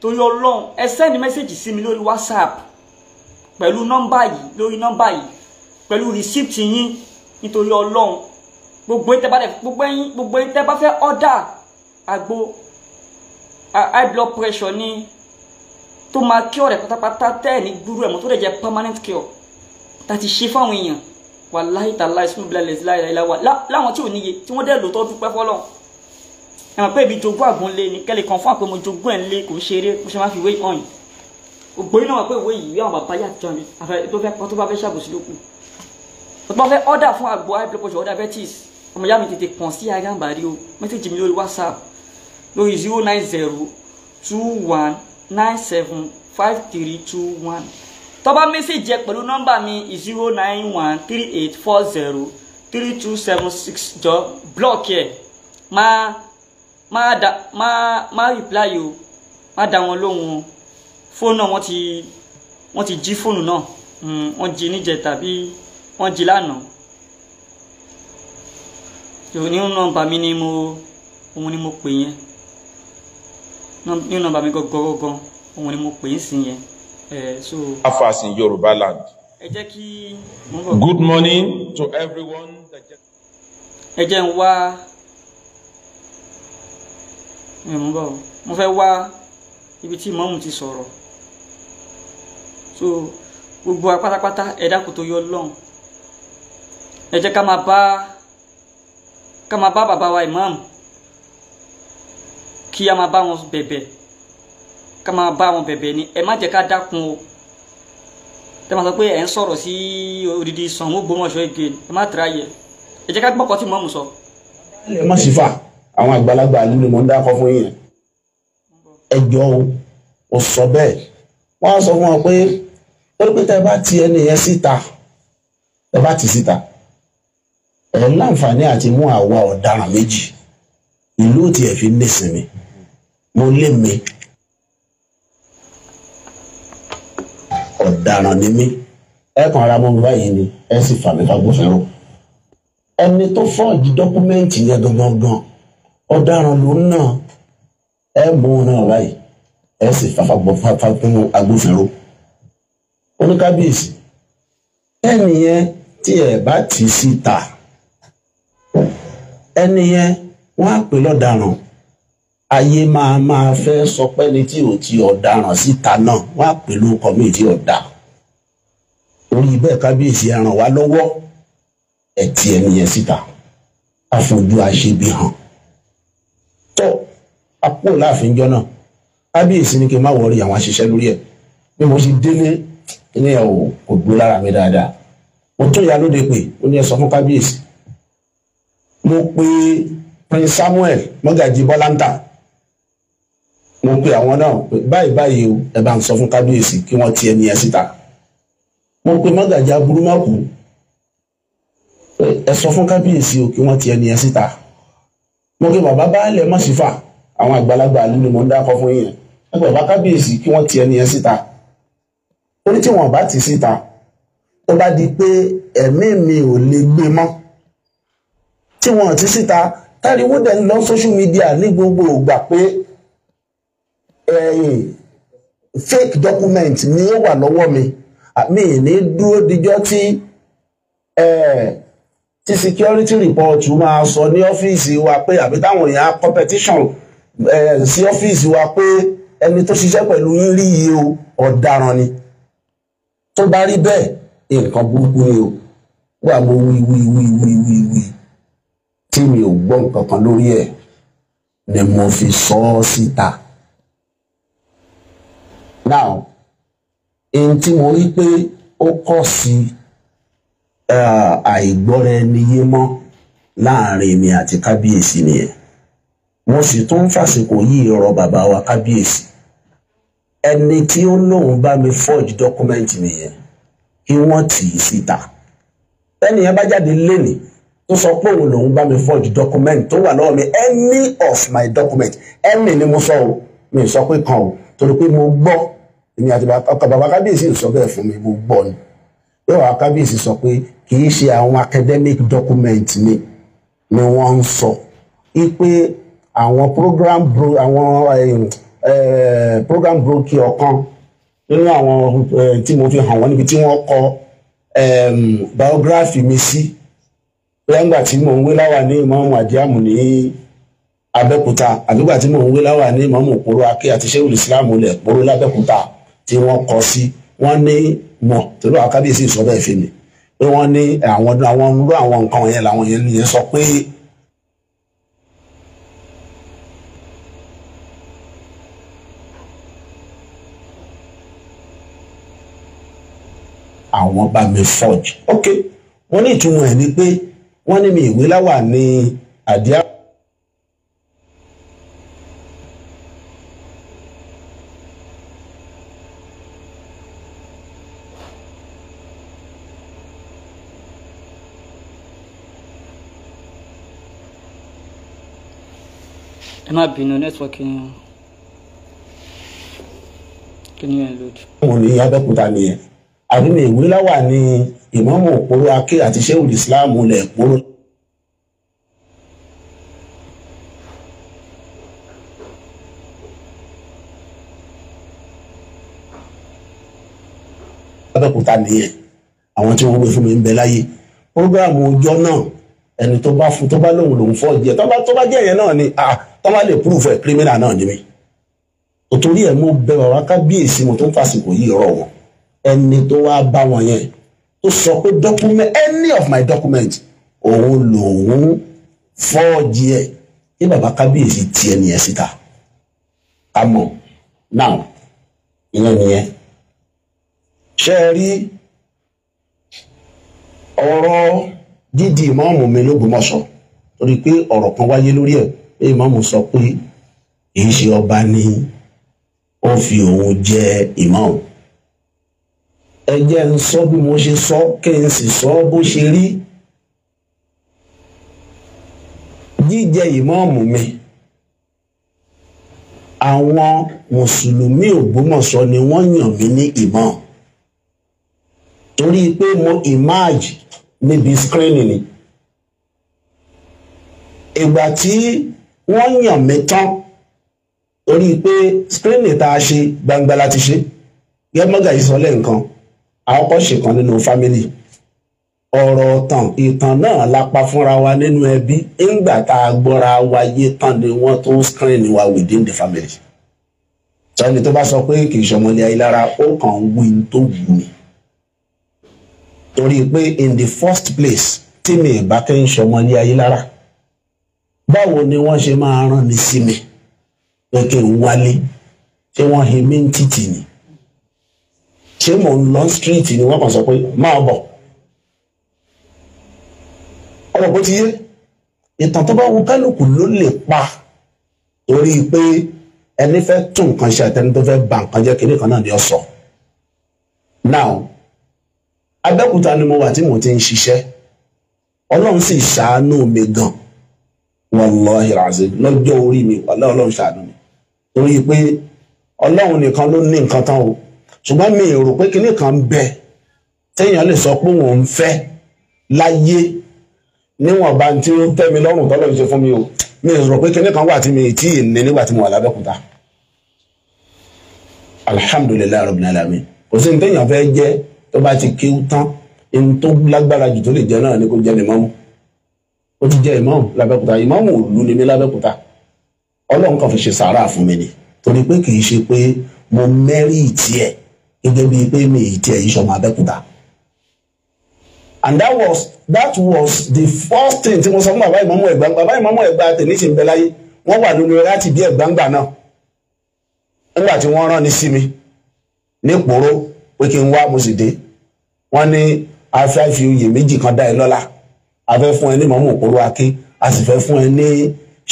Speaker 2: torí ọlọ́run ẹ sẹ́ndì mẹ́sẹ̀gì sí mi lórí whatsapp pẹ̀lú nọ́mbà yìí lórí nọ́mbà yìí pẹ̀lú rìsíptì yín nítorí ọlọ́run gbogbo ẹni tẹ́ bá gbogbo ẹni gbogbo ẹni tẹ́ bá fẹ́ ọ́dà àgbo high blood pressure ni tó máa cure rẹ̀ pátápátá tẹ́ẹ̀ ní gbúrú ẹ̀ mọ́ tó lè jẹ́ permanent cure tá a ti ṣe fáwọn èèyàn wàláhìtàláì sunu bilẹ̀ lẹ́sìn láìláìláwà láwọn tí ò níye tí wọ́n dẹ̀ lò tó dúpẹ́ fọ́lọ́run ẹ mọ̀ pé ibi jogún àgùn lé ni kẹ́lẹ̀ kan fún àpò mo jogún ẹ̀ ń lé kò ń ṣeré mo ṣe máa fi ìwé hàn yìí ògbó yìí náà mọ̀ pé ìwé yìí àwọn bàbá yà jọ ni tó fẹ́ tó bá fẹ́ ṣàbòsí ló kù tó bá fẹ́ order fún àgbo high blood pressure order betis ọmọ ìyá mi tètè kàn sí agánbàrí o mẹ́sẹ̀jì mi lórí whatsapp lórí zero nine zero two one nine seven five three two one tó bá mẹ́sẹ̀jì ẹ pẹ̀lú nọ́mbà mi zero nine one three eight four zero three two seven six jọ block ẹ̀ máa má da má má reply o má da wọn lóhùn o fóònù náà wọ́n ti wọ́n ti jí fóònù náà hmm, wọ́n jí níjẹta bí wọ́n jí lánàá nínú nọ́mbà mi ni mo òun ni mo pè yẹn nínú nọ́mbà mi gọgọgọgọ òun ni mo pè yín sí yẹn ẹ so. afas in Yorùbá land. ẹ jẹ́ kí. good morning to everyone. ẹ jẹ́ n wá ìrùn bọ̀ mo fẹ́ wá ibi tí ìmọ̀mù ti sọ̀rọ̀ so gbogbo wa pátápátá ẹ dákun tó yọ lọ́hùn ẹ jẹ́ ká máa bá ká máa bá bàbá wa ìmọ̀mù kí a máa bá wọn bẹ̀bẹ̀ ká máa bá wọn bẹ̀bẹ̀ ni ẹ má jẹ́ ká dákun o tẹ máa sọ pé ẹ ń sọ̀rọ̀ sí odidi Ṣàngó Ògbómọ̀ṣọ́ ege ẹ má tẹ̀ra yẹ ẹ jẹ́ ká gbọ́kọ̀ tí ìmọ̀mù sọ.
Speaker 4: ẹ má sì fà àwọn àgbàlagbà ìlú ni mò ń dákọ fún yìnyín ẹjọ́ o ò sọ bẹ́ẹ̀ wọ́n á sọ fún wọn pé torí pé tẹ́ bá ti ẹni yẹn síta ẹ bá ti síta ẹ láǹfààní àti mú àwa ọ̀daràn méjì ìlú ò tiẹ̀ fi nísinmi mo lé mi ọ̀daràn ni mí ẹ kàn ara mọ́ mi báyìí ni ẹ sì fà mí fagbófinró ẹni tó fọ́ọ̀jì dọ́kúmẹ́ǹtì yẹn gangan gan ọ̀daràn ló ń nà ẹ mú un náà báyìí ẹ sì fàfagbọ fàfagbọ agbófinró oníkábíyèsí ẹni yẹn tí ẹ bá tì í síta ẹni yẹn wọ́n á pè lọ́daràn ayé máa máa fẹ́ sọ pé ní tí ò ti ọ̀daràn síta náà wọ́n á pè lórúkọ mi tí ọ̀dà orí bẹ́ẹ̀ kábíyèsí ẹ ràn wá lọ́wọ́ ẹ ti ẹni yẹn síta àfojú aṣebi hàn tọ́ apò láàfin jọ náà kábíyèsí ni kí n má wọrí àwọn àṣìṣe lórí ẹ̀ bí mo ṣe délé ilé ẹ̀ kò gbó lára mi dáadáa mo tó ìyá lóde pé ó ní ẹ sọ fún kábíyèsí mo pe prince samuel mọ́gàjì bọ́láńtà mo pe àwọn náà pé báyìí báyìí o ẹ bá ń sọ fún kábíyèsí kí wọ́n ti ẹni ẹ síta mo pe mọ́gàjì aburú má ẹ sọ fún kábíyèsí o kí wọ́n ti ẹni ẹ síta mo kí bàbá baálẹ̀ mọ̀sífà àwọn àgbàlagbà ìlú ni mo ń dákọ fún yìnyín ẹ bàbá kábíyèsí kí wọ́n ti ẹni yẹn síta ó ní tí wọn bá ti síta ó bá di pé ẹ̀mí mi ò lè gbé mọ́ tí wọn ti síta táriwó dẹ̀ lọ social media ní gbogbo ìgbà pé fake document ni ó wà lọ́wọ́ mi àmì ìní dúró dijọ́ tí. Eh, tí security report máa sọ ní ọ́fíìsì wa pé àbí táwọn èèyàn competition sí ọ́fíìsì wa pé ẹni tó ṣiṣẹ́ pẹ̀lú yín rí yìí o ọ̀daràn ni tó bá rí bẹ́ẹ̀ nǹkan burúkú ni o wà mo wí wí wí wí wí wí tí mi ò gbọ́ nǹkan kan lórí ẹ̀ ni mo fi sọ ọ́ síta. now èyí tí mo rí pé ó kọ̀ sí i àìgbọ́ra ẹni yé mọ́ láàrin èmi àti kábíyèsí nìyẹn mo sì tún fàsìkò yìí rọ bàbá wa kábíyèsí ẹni tí ó lóun bá mi forge document nìyẹn kí wọ́n tì í síta tẹ́nìyẹn bá jáde lénìí tó sọ pé òun lòun bá mi forge document tó wà lọ́wọ́ mi any of my document any ni mo sọ o mi sọ pé kan o torí pé mo gbọ́ èmi àti ọkọ̀ bàbá kábíyèsí ń sọ bẹ́ẹ̀ fún mi mo gbọ́ ni yóò wá kábíyèsí sọ pé kì í ṣe àwọn academic document ni ni wọ́n ń sọ pé àwọn program bro àwọn program broki ọ̀kan nínú àwọn tí mo fi hàn wọ́n níbi tí wọ́n kọ biography mi sí lẹ́ngbà tí mò ń wé láwà ní ìmọ̀ọ́mù àdíàmù ní abẹ́kúta àdúgbà tí mò ń wé láwà ní ìmọ̀ọ́mù òpóró akẹ́ àti sẹ́wùlì islam ilẹ̀ òpóró lábẹ́kúta tí wọ́n kọ sí wọ́n ní mọ̀ torí àwọn kábíyèsí sọ bẹ́ẹ̀ fi mi pé wọ́n ní àwọn àwọn irú àwọn nǹkan yẹn làwọn yẹn yẹn sọ pé àwọn bá mi forge ok wọ́n ní ìtumọ̀ ẹ̀ ni pé wọ́n ní mi ìwé láwà ní àdíàpọ̀.
Speaker 2: ẹ má bínú nẹ́tíwọ́ọ̀kì yẹn kí ni ẹ lòdì.
Speaker 4: wọn ní abẹ́kúta nìyẹn àdúgbò ìwé láwà ní ìmọ̀mù òpóró aké àti shehul islam lẹ̀ póró. abẹ́kúta nìyẹn àwọn tí wọ́n gbé fún mi ń bẹ láyé programu ọjọ́ náà ẹni tó bá fún tó bá lóun lòun fọ́ jẹ tó bá jẹ́ yẹn náà ni ah, tọ́ba lè púrùfù ẹ̀ kírímínà náà ni mí òtòrí ẹ̀ mo bẹ bàbá kábíyèsí mo tó ń fàsìkò yìí rọ̀ wọ́n ẹni tó wá bá wọn yẹn tó sọ pé document any of my document òun lòun fọ́ọ̀jì ẹ̀ kí bàbá kábíyèsí ti ẹni ẹ̀ síta ká mọ̀ now ìyẹn nìyẹn ṣe é rí ọ̀rọ̀ dídi ìmọ̀ọ́mù mi lógbòmọ̀ṣọ́ torí pé ọ̀rọ̀ kan wáyé lórí ẹ̀ pé ìmáàmù sọ pé kì í ṣe ọba ni ó fi òun jẹ ìmáàmù ẹ jẹ́ ń sọ bí mo ṣe sọ kí n sì sọ bó ṣe rí jíjẹ ìmáàmù mi àwọn mùsùlùmí Ògbómọ̀ṣọ́ ni wọ́n yàn mí ní ìmáàmù torí pé mo emerge níbi screening ni ìgbà tí wọ́n yàn mí tán torí pé screening tá a ṣe gbangba láti ṣe gẹ́gbọ́gà yìí sọ lẹ́ǹkan àkọ́kọ́ ṣèkan nínú fámìlì ọ̀rọ̀ ọ̀tàn ìtàn náà lápá fúnra wa nínú ẹbí ńgbà tá a gbọ́ra wa yé tán ni wọ́n tó screen wa within the family sọ́ni tó bá sọ pé kì í ṣọmọlé ayélujára ó kàn ń wí tó wù mí torí pé in the first place tí mi ì bá kẹ́ ń ṣọmọlé ayélujára báwo ni wọ́n ṣe máa rán mi sí mi pé kí n wálé ṣé wọ́n hin mí ń títì ni ṣé mò ń lọ street ni wọ́n kàn sọ pé máa bọ̀ ọ̀rọ̀ bó ti yé ìtàn tó bá wu kálukú ló lè pa torí pé ẹni fẹ́ tún nǹkan ṣe àtẹni tó fẹ́ ba nǹkan jẹ́ kiri kan náà ni ó sọ now Abẹ́òkúta ni mo wà tí mo ti ń ṣiṣẹ́ Ọlọ́run sì ṣàánú mi gan-an wallahi alazim lọ́jọ́ orí mi wàlá ọlọ́run ṣàánú mi torí pé ọlọ́run nìkan ló ní nǹkan tán o ṣùgbọ́n mi rò pé kinní kan ń bẹ téèyàn lè sọ pé òun ń fẹ́ láyé níwọ̀n bá tí ó ń tẹ́ mi lọ́rùn tọ́lọ́ ṣe fún mi o mi rò pé kinní kan wà tí mi tí ì ní nígbà tí mo wà lábẹ́kúta alhamdulilayi rabbil alamin kò sí ní téèyàn fẹ́ jẹ́ tó bá ti kéwú tán ní tó lágbára jù tó lè jẹ́ náà ni kò jẹ́ ni mọ́mú ó ti jẹ́ ìmáàmù lábẹ́kúta ìmáàmù òlu ni mí lábẹ́kúta ọlọ́run kan fi ṣe sàárà fún mi ni torí pé kì í ṣe pé mo mẹ́rí ìtì ẹ̀ gẹ́gẹ́ bíi pé mi ìtì ẹ̀ yìí sọmọ abẹ́kúta and that was that was the first thing tí mo sọ fún bàbá ìmáàmù ẹ̀gbá bàbá ìmáàmù ẹ̀gbá tèmi sì ń bẹ láyé wọ́n wà lórí láti bí ẹ̀gbáǹgbà náà nígbà tí wọ́n rán ni sí mi nípòró pé kí n wá mo sì dé wọ́n ní afẹ́fẹ́ oyè méjì kan dá ẹ lọ́lá a fẹ́ fún ẹ ní mọ́mú òpóró aké a sì fẹ́ fún ẹ ní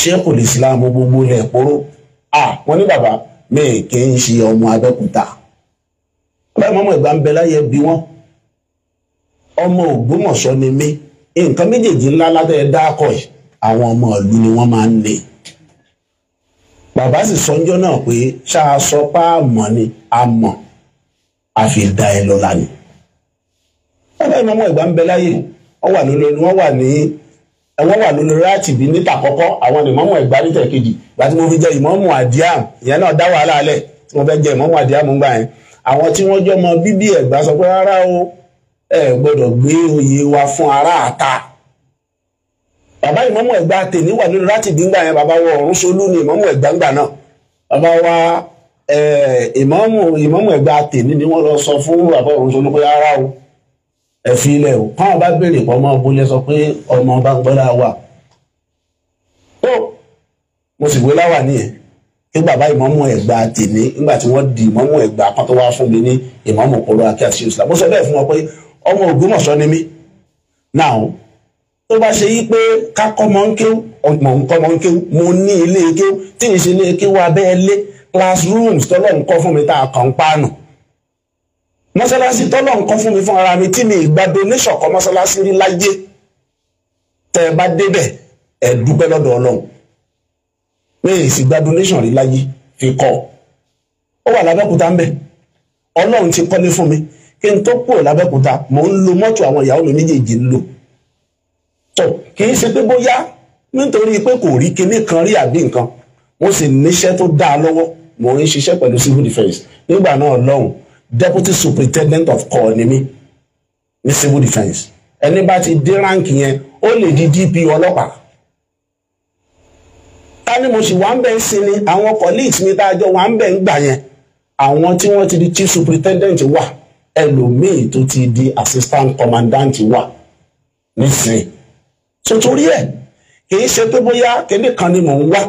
Speaker 4: ṣẹ́kùl islam gbogbo ilẹ̀ ìpóró à wọ́n ní bàbá mẹ́ẹ̀ kì í ṣe ọmọ abẹ́kúta bàbá mọ́mú ìgbà ń bẹ láyé bí wọ́n ọmọ ògbómọ̀ṣọ́ ni mí nǹkan méjèèjì ńlá lábẹ́ dákọ̀ yìí àwọn ọmọ ìlú ni wọ́n máa ń ní bàbá sì sọ́njọ́ náà pé ṣáà sọ pé àmọ́ ni àmọ́ àfi da ẹ lọ́la ni bàbá ìmọ̀mọ́ ìgbà ń bẹ láyé wọ́n wà lólórí wọ́n wà ní wọ́n wà lólórí láti bí níta kọ́kọ́ àwọn ìmọ̀mù ẹ̀gbá níta kejì ìgbà tí mo fi jẹ ìmọ̀mù àdíàm ìyẹn náà dá wàhálà alẹ̀ tí mo fẹ́ jẹ ìmọ̀mù àdíàm ńgbà yẹn àwọn tí wọ́n jọmọ bíbí ẹ̀gbá sọ pé rárá o ẹ gbọ́dọ̀ gbé oyè wa fún aráàta bàbá ìmọ̀mù ẹ̀gbá tèmi wà lólórí láti bí ńgbà yẹn bàbá wọ ọ̀run solú ni ìmọ̀mù ẹ̀gbá ńgbà náà bàbá wa ẹ fi ilẹ̀ o kọ́ ọba béèrè pọ̀ ọmọ ọbúlé sọ pé ọmọ ọba ń gbọ́dá wà ó mo sì gbé láwà nìyẹn kí bàbá ìmọ̀mù ẹ̀gbà tèmi nígbà tí wọ́n di ìmọ̀mù ẹ̀gbà kan tó wá fún mi ní ìmọ̀mù kóró akẹ́ àti ṣèṣìlá mo sọ bẹ́ẹ̀ fún wọn pé ọmọ Ògbómọ̀ṣọ́ ni mí náà tó bá ṣe yí pé kákọ́ mọ́ ń kéwú ọmọ nǹkan mọ́ ń kéwú mo ní ilé kéwú tí ì ṣe ilé kéwú abẹ́ ilé classrooms tọ́lọ́ nǹkan fún mi tá a kàn ń pàànù mọ́sálásí tọ́lọ̀ nǹkan fún mi fún ara mi tí mi ìgbà donation kọ́ mọ́sálásí rí láyé tẹ́ ẹ bá débẹ̀ ẹ dúpẹ́ lọ́dọ̀ ọlọ́run mi ì sì gba donation rí láyé fi kọ́ ó wà lábẹ́kúta ń bẹ̀ ọlọ́run ti kọ́lé fún mi kí n tó kúrò lábẹ́kúta mò ń lo mọ́tò àwọn ìyàwó mi méjèèjì ń lò tó kì í ṣe pé bóyá nítorí pé kò rí kinní kan rí àbí nǹkan mo sì níṣẹ́ tó dáa lọ́wọ́ mò ń ṣiṣẹ́ pẹ̀lú civil defence nígbà náà lọ́hùn deputy superintendent of corps ni mí ní civil defence ẹni bá ti dé ránkì yẹn ó lè di dp ọlọ́pàá ta ni mo sì wá ń bẹ̀ ń sin ni àwọn colleagues mi tá a jọ wá ń bẹ̀ ń gbà yẹn àwọn tí wọ́n ti di chief superintendent wà ẹlòmíì tó ti di assistant commandant wà nísìnyí so torí ẹ̀ kì í ṣe pé bóyá kíní kan ni mò ń wá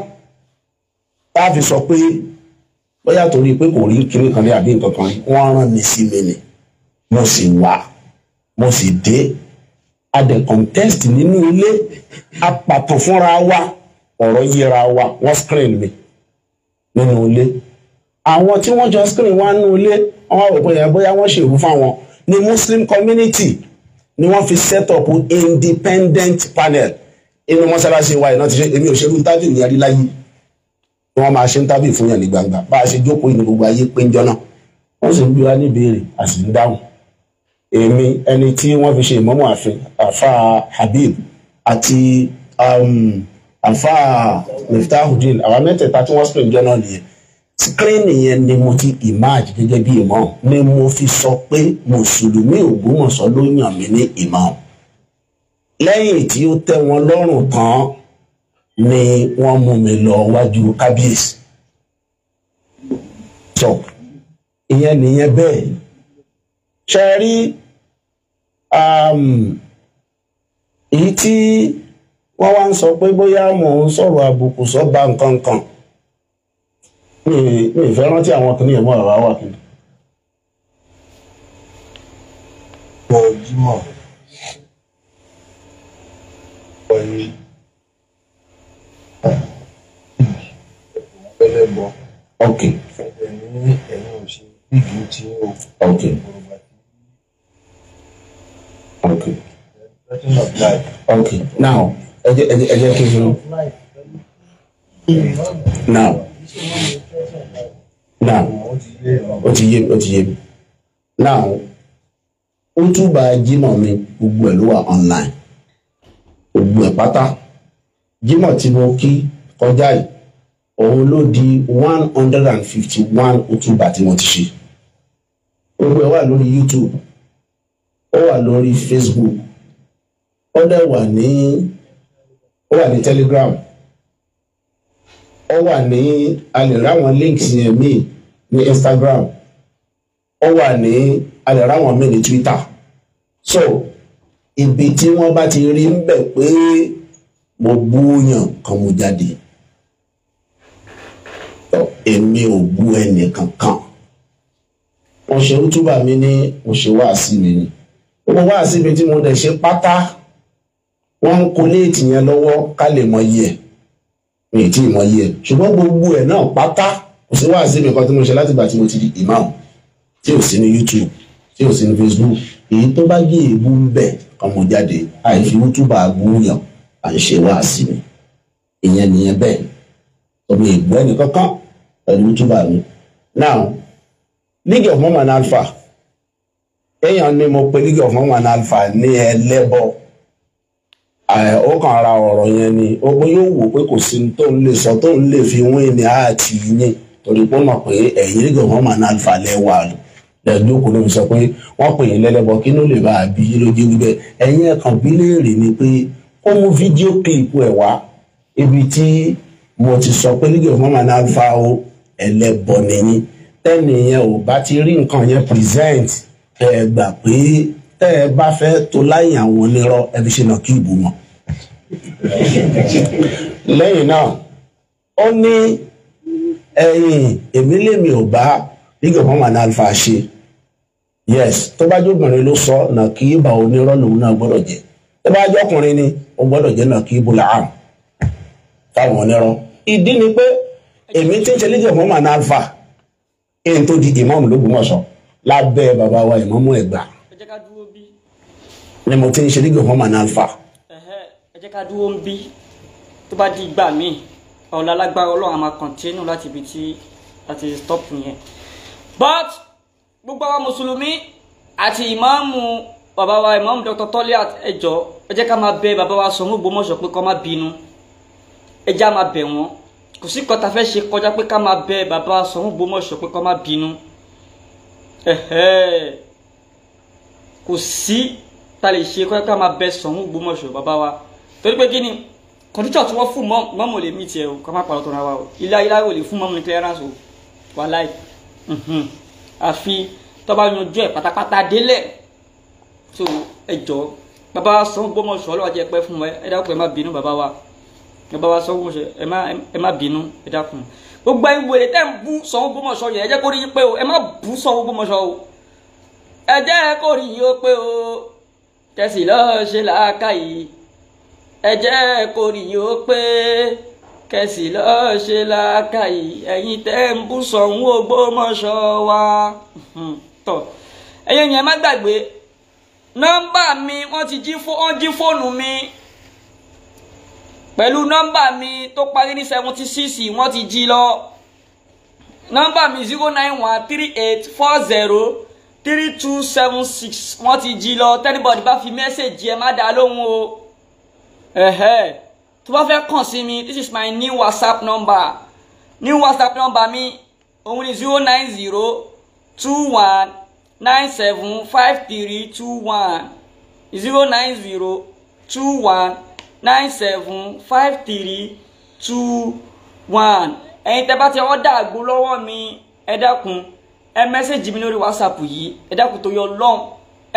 Speaker 4: tá a fi sọ pé bóyá torí pé kò rí kinní kan rí àbí nǹkan kan rí wọ́n rán mi sí mi ni mo sì wá mo sì dé a dẹ̀ contest nínú ilé a pàtàn fúnra wa ọ̀rọ̀ yíra wa wọ́n screen mi nínú ilé àwọn tí wọ́n jọ screen wa nínú ilé wọ́n wá wò pé yẹn bóyá wọ́n ṣèrú fáwọn ní muslim community ni wọ́n fi set up independent panel inú mọ́ṣáláṣí wa iná ti ṣe èmi ò ṣerú tájú ìyẹn rí láyé ni wọ́n máa ṣe ń tábì fún yàn ní gbangba bá a ṣe jókòó ìní gbogbo ayé péjọ náà wọ́n sì ń bí wa ní ìbéèrè a sì ń dáhùn èmi ẹni tí wọ́n fi ṣe ìmọ̀mọ́ àfin àfa Habib àti um, àfa Miftahudeen àwa mẹ́tẹ̀ẹ̀ta tí wọ́n spin jọ náà nìyẹn skrini yẹn ni mo ti emerge gẹ́gẹ́ bí ìmọ̀ ni mo fi sọ pé mùsùlùmí Ògbómọ̀ṣọ́ ló yàn mí ní ìmọ̀ lẹ́yìn tí ó tẹ́ wọn lọ́rùn tán ni wọ́n mú mi lọ wájú kábíyèsí tó ìyẹn nìyẹn bẹ́ẹ̀ ṣe rí um, èyí tí wọ́n wá ń sọ pé bóyá mò ń sọ̀rọ̀ àbùkù sọ́ba nǹkan kan mi ìfẹ́ rántí àwọn kìnìún mọ́ ọ̀rọ̀ wà kìnìún.
Speaker 3: Bọ̀dúmọ̀. Bọ̀dúmọ̀
Speaker 4: fẹ́lẹ́ bọ̀ ok ẹ̀mí ẹ̀mí ò ṣe bíìgì tí ó ok now now now now mi gbogbo ẹ̀ ló wà online gbogbo ẹ̀ pátá jimoh tí mo kí kọjá yìí òun ló di one hundred and fifty one utuba tí mo ti ṣe gbogbo ẹ wà lórí youtube ó wà lórí facebook ó dẹ̀ wà ní ó wà ní telegram ó wà ní a lè ráwọn links yẹn míì ní instagram ó wà ní a lè ráwọn míì ní twitter so ibi tí wọ́n bá ti rí ń bẹ̀ pé mo búyàn kan mo jáde èmi ò bú ẹnì kankan mo ṣe rútúbà mi ní mo ṣe wáàsí mi ni gbogbo wáàsí mi tí mo dẹ̀ ṣe pátá wọ́n ń koléètì yẹn lọ́wọ́ ká lè mọ iye ẹ̀ mi ì tí ì mọ ẹ̀ ṣùgbọ́n gbogbo ẹ̀ náà pátá kò sí wáàsí mi kan tí mo ṣe látìgbà tí mo ti di imam tí ò sí ní YouTube tí ò sí ní Facebook èyí tó bá gé èébú ń bẹ̀ ọmọ jáde àìfi rútúbà búyàn à ń ṣe wáàsí ni ìyẹn nìyẹn bẹ́ẹ̀ ọmọ ìgbọ́ ẹni kankan pẹ̀lú túbà mi. now league of mormon alpha èèyàn ni mo pe league of mormon alpha ní ẹlẹ́bọ ó kàn ra ọ̀rọ̀ yẹn ni ó pé yóò wò pé kò sí tó ń lè sọ tó ń lè fi wín ní àti yín torí pé ó mọ̀ pé ẹ̀yìn league of mormon alpha lẹ́wà lọ lẹ́ẹ̀dókòó ló fi sọ pé wọ́n pè yín lẹ́lẹ́bọ kí ló lè bá a bí yín lójú wíbẹ̀ ẹ̀yin ẹ̀kan bí léèrè ni pé ó mú fídíò kéèpù ẹ̀ wá ibi tí mo ti sọ pé League of Mormon Alpha o ẹlẹ́bọ nìyí tẹ́nìyẹn ò bá ti rí nǹkan yẹn present ẹ gbà pé tẹ́ ẹ bá fẹ́ tó láyìn àwọn onírọ́ ẹ fi ṣe nà kí ìbò mọ̀. lẹ́yìn náà ó ní ẹ̀yìn èmi lèmi ò bá League of Mormon Alpha ṣe yes tó bá jóbìnrin ló sọ nà kí ìbà onírọ́ lòun náà gbọ́dọ̀ jẹ́ tó bá jọkùnrin ni ó gbọ́dọ̀ jẹ́ náà kí ibùdó àrùn táwọn onírun ìdí ni pé èmi tí ń ṣe léjọ fún màná alfa èyí tó di ìmáàmù lÓgbómọ̀ṣọ́ lábẹ́ bàbá wa ìmáàmù Ẹ̀gbá ni mo ti ń ṣe léjọ fún màná
Speaker 2: alfa. ẹ jẹ́ ká dúró ń bí tó bá di ìgbà míì ọ̀la lágbára ọlọ́run a kọ̀ntínú láti ibi tí láti stop yẹn but gbogbo àwọn mùsùlùmí àti ìmáàmù bàbá wa Imam Dr. Toliat ẹ jọ̀ọ́ ẹ jẹ́ ká máa bẹ bàbá wa Ṣọ̀ún Ògbómọ̀ṣọ́ pé kó má bínú ẹ já máa bẹ̀ wọ́n kò sí kọta fẹ́ ṣe kọjá pé ká máa bẹ bàbá wa Ṣọ̀ún Ògbómọ̀ṣọ́ pé kó má bínú kò sí ta lè ṣe kọjá pé ká máa bẹ Ṣọ̀ún Ògbómọ̀ṣọ́ bàbá wa torí pé kí ni kọ̀díṣà tí wọ́n fún mọ́mọ́ lè mí tiẹ̀ o ká má parọ́ tó ra wa o ilé ayé láyò lè fún mọ́mọ́ ní clearance o wàláì àfi tó yanjú ẹ̀ pátápátá délẹ̀ so ẹ jọ bàbá wa sọ gbọmọ sọ ọlọ́wà jẹ pẹ́ fún wa ẹ dákun ẹ má bínú bàbá wa bàbá wa sọ gbọmọ sọ ẹ má ẹ má bínú ẹ dákun gbogbo ẹ wèrè tẹ́ ń bú sọ gbọmọ sọ yẹn ẹ jẹ́ kó rí yín pé o ẹ má bú sọ gbọmọ sọ o ẹ jẹ́ kó rí yín pé o tẹ̀sí lọ́ọ́ ṣe làákà yìí ẹ jẹ́ kó rí yín pé kẹsì lọ́ọ́ ṣe làákàyè ẹ̀yin tẹ́ ń bú sọ̀hún Ògbómọ̀ṣọ́ wa tọ̀ ẹ̀yin yẹn má gbàgbé nọ́mbà mi wọ́n ti jí wọ́n jí fóònù mi pẹ̀lú nọ́mbà mi tó parí ní seventy six wọ́n ti jí lọ nọ́mbà mi zero nine one three eight four zero three two seven six wọ́n ti jí lọ tẹ́nibọ̀dì bá fi mẹ́sẹ̀gì ẹ̀ má dá lóhùn o ẹ̀hẹ́ tó bá fẹ́ kàn sí mi this is my new whatsapp number new whatsapp number mi òun ni zero nine zero two one nine seven five three two one zero nine zero two one nine seven five three two one ẹ̀yin tẹ́ bá ti ọwọ́ àgbo lọ́wọ́ mi ẹ dákun ẹ mẹ́sẹ̀jì mi lórí whatsapp yìí ẹ dákun tó yọ lọ́n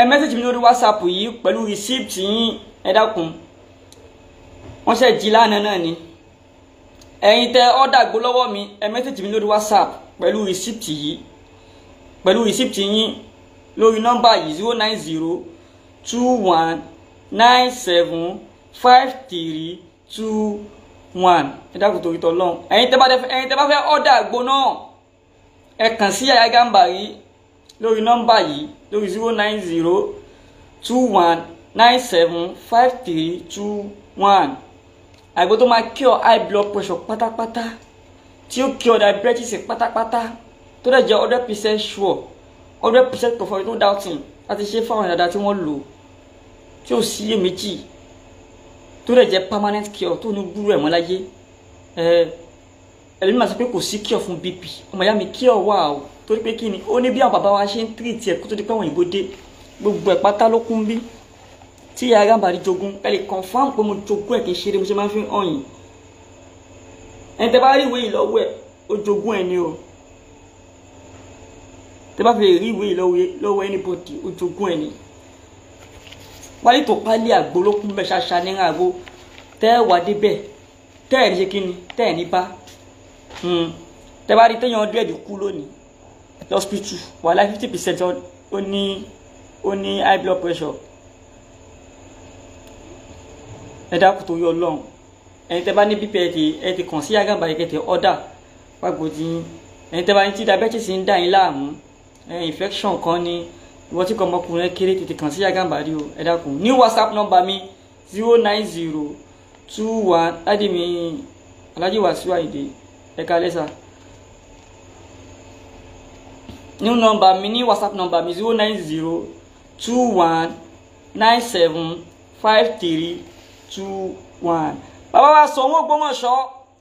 Speaker 2: ẹ mẹ́sẹ̀jì mi lórí whatsapp yìí pẹ̀lú receipt yín ẹ dákun wọ́n ṣe jí lánàá náà ni ẹ̀yin tẹ́ ọ̀dà àgbo lọ́wọ́ mi ẹ mẹ́sẹ̀jì mi lórí whatsapp pẹ̀lú receipt yìí pẹ̀lú receipt yín lórí nọ́mbà yìí zero nine zero two one nine seven five three two one ẹ dákun torí tọ́ lọ́hùn ẹ̀yin tẹ́ bá fẹ́ ẹ̀yin tẹ́ bá fẹ́ ọ̀dà àgbo náà ẹ kàn sí Yahya Gambari lórí nọ́mbà yìí lórí zero nine zero two one nine seven five three two one àgbo tó máa cure high blood pressure pátápátá tí ó cure diabetes pátápátá tó dẹ̀ jẹ́ hundred percent sure hundred percent confirm no doubting láti ṣe fáwọn ìdàdà tí wọ́n lò tí ò sí èméjì tó dẹ̀ jẹ́ permanent cure tó ní gbúrú ẹ̀ mọ́ láyé ẹlẹ́mìí máa sọ pé kò sí cure fún bp ọmọ ìyá mi cure wà o torí pé kí ni ó ní bí àwọn bàbá wa ṣe ń treat ẹ̀ kó tó di pé àwọn òyìnbó dé gbogbo ẹ̀ pátá ló kún bí tí ìyá arábàárí jogún ẹ lè confam pé mo jogún ẹ̀ kì í ṣe eré mo ṣe máa ń fi hàn yín ẹni tẹ́ bá rí ìwé ìlọ́wọ́ ẹ̀ ó jogún ẹ̀ ni o tẹ́ bá fi rí ìwé lọ́wọ́ anybody ojogún ẹ̀ ni wálé tó pálí àgbo ló kún bẹ́ẹ̀ ṣáṣá ní àgbo tẹ́ ẹ̀ wá débẹ̀ tẹ́ ẹ̀ ní ṣe kí ni tẹ́ ẹ̀ ní bá hmm. tẹ́ bá rí téèyàn hundred kú lónìí lọ́sípítù wàhálà fifty percent ó ní ó ní high blood pressure ẹ dákun tó yọ lọ́hùn ẹni tẹ́ bá ní bp ẹ ti ẹ ti kàn sí àgàbà yìí kẹ́ tẹ ọ́dà wàgbọ́dì ẹni tẹ́ bá ní tí diabetes ń dà yín láàmú infection kan ni ìwọ tí kò ọmọkùnrin kéré tètè kàn sí Agambari o ẹ dákun ní whatsapp number mi zero nine zero two one láti mi Alhaji Wasiu Ayinde ẹ̀ka lẹ́sà ní number mi ní whatsapp number mi zero nine zero two one nine seven five three two one bàbá wa sọ wọn Ògbómọ̀ṣọ́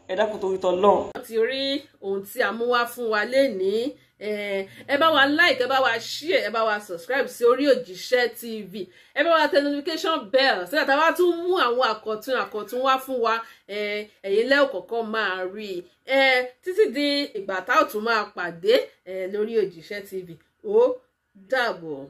Speaker 2: ẹ dákun torí tọ lọ. wọ́n
Speaker 1: ti rí ohun tí a mú wá fún wa lénìí Eh, ẹ bá wa like ẹ bá wa share ẹ bá wa subscribe sí orí òjíṣẹ́ tv ẹ bá wa tẹ notification bell síta tá a bá tún mú àwọn àkọ̀tun àkọ̀tun wá fún wa eh, ẹ̀yin lẹ́wọ̀ kọ̀ọ̀kan máa rí i eh, títí di ìgbà tá ò tún máa pàdé lórí òjíṣẹ́ tv ó dàbọ̀.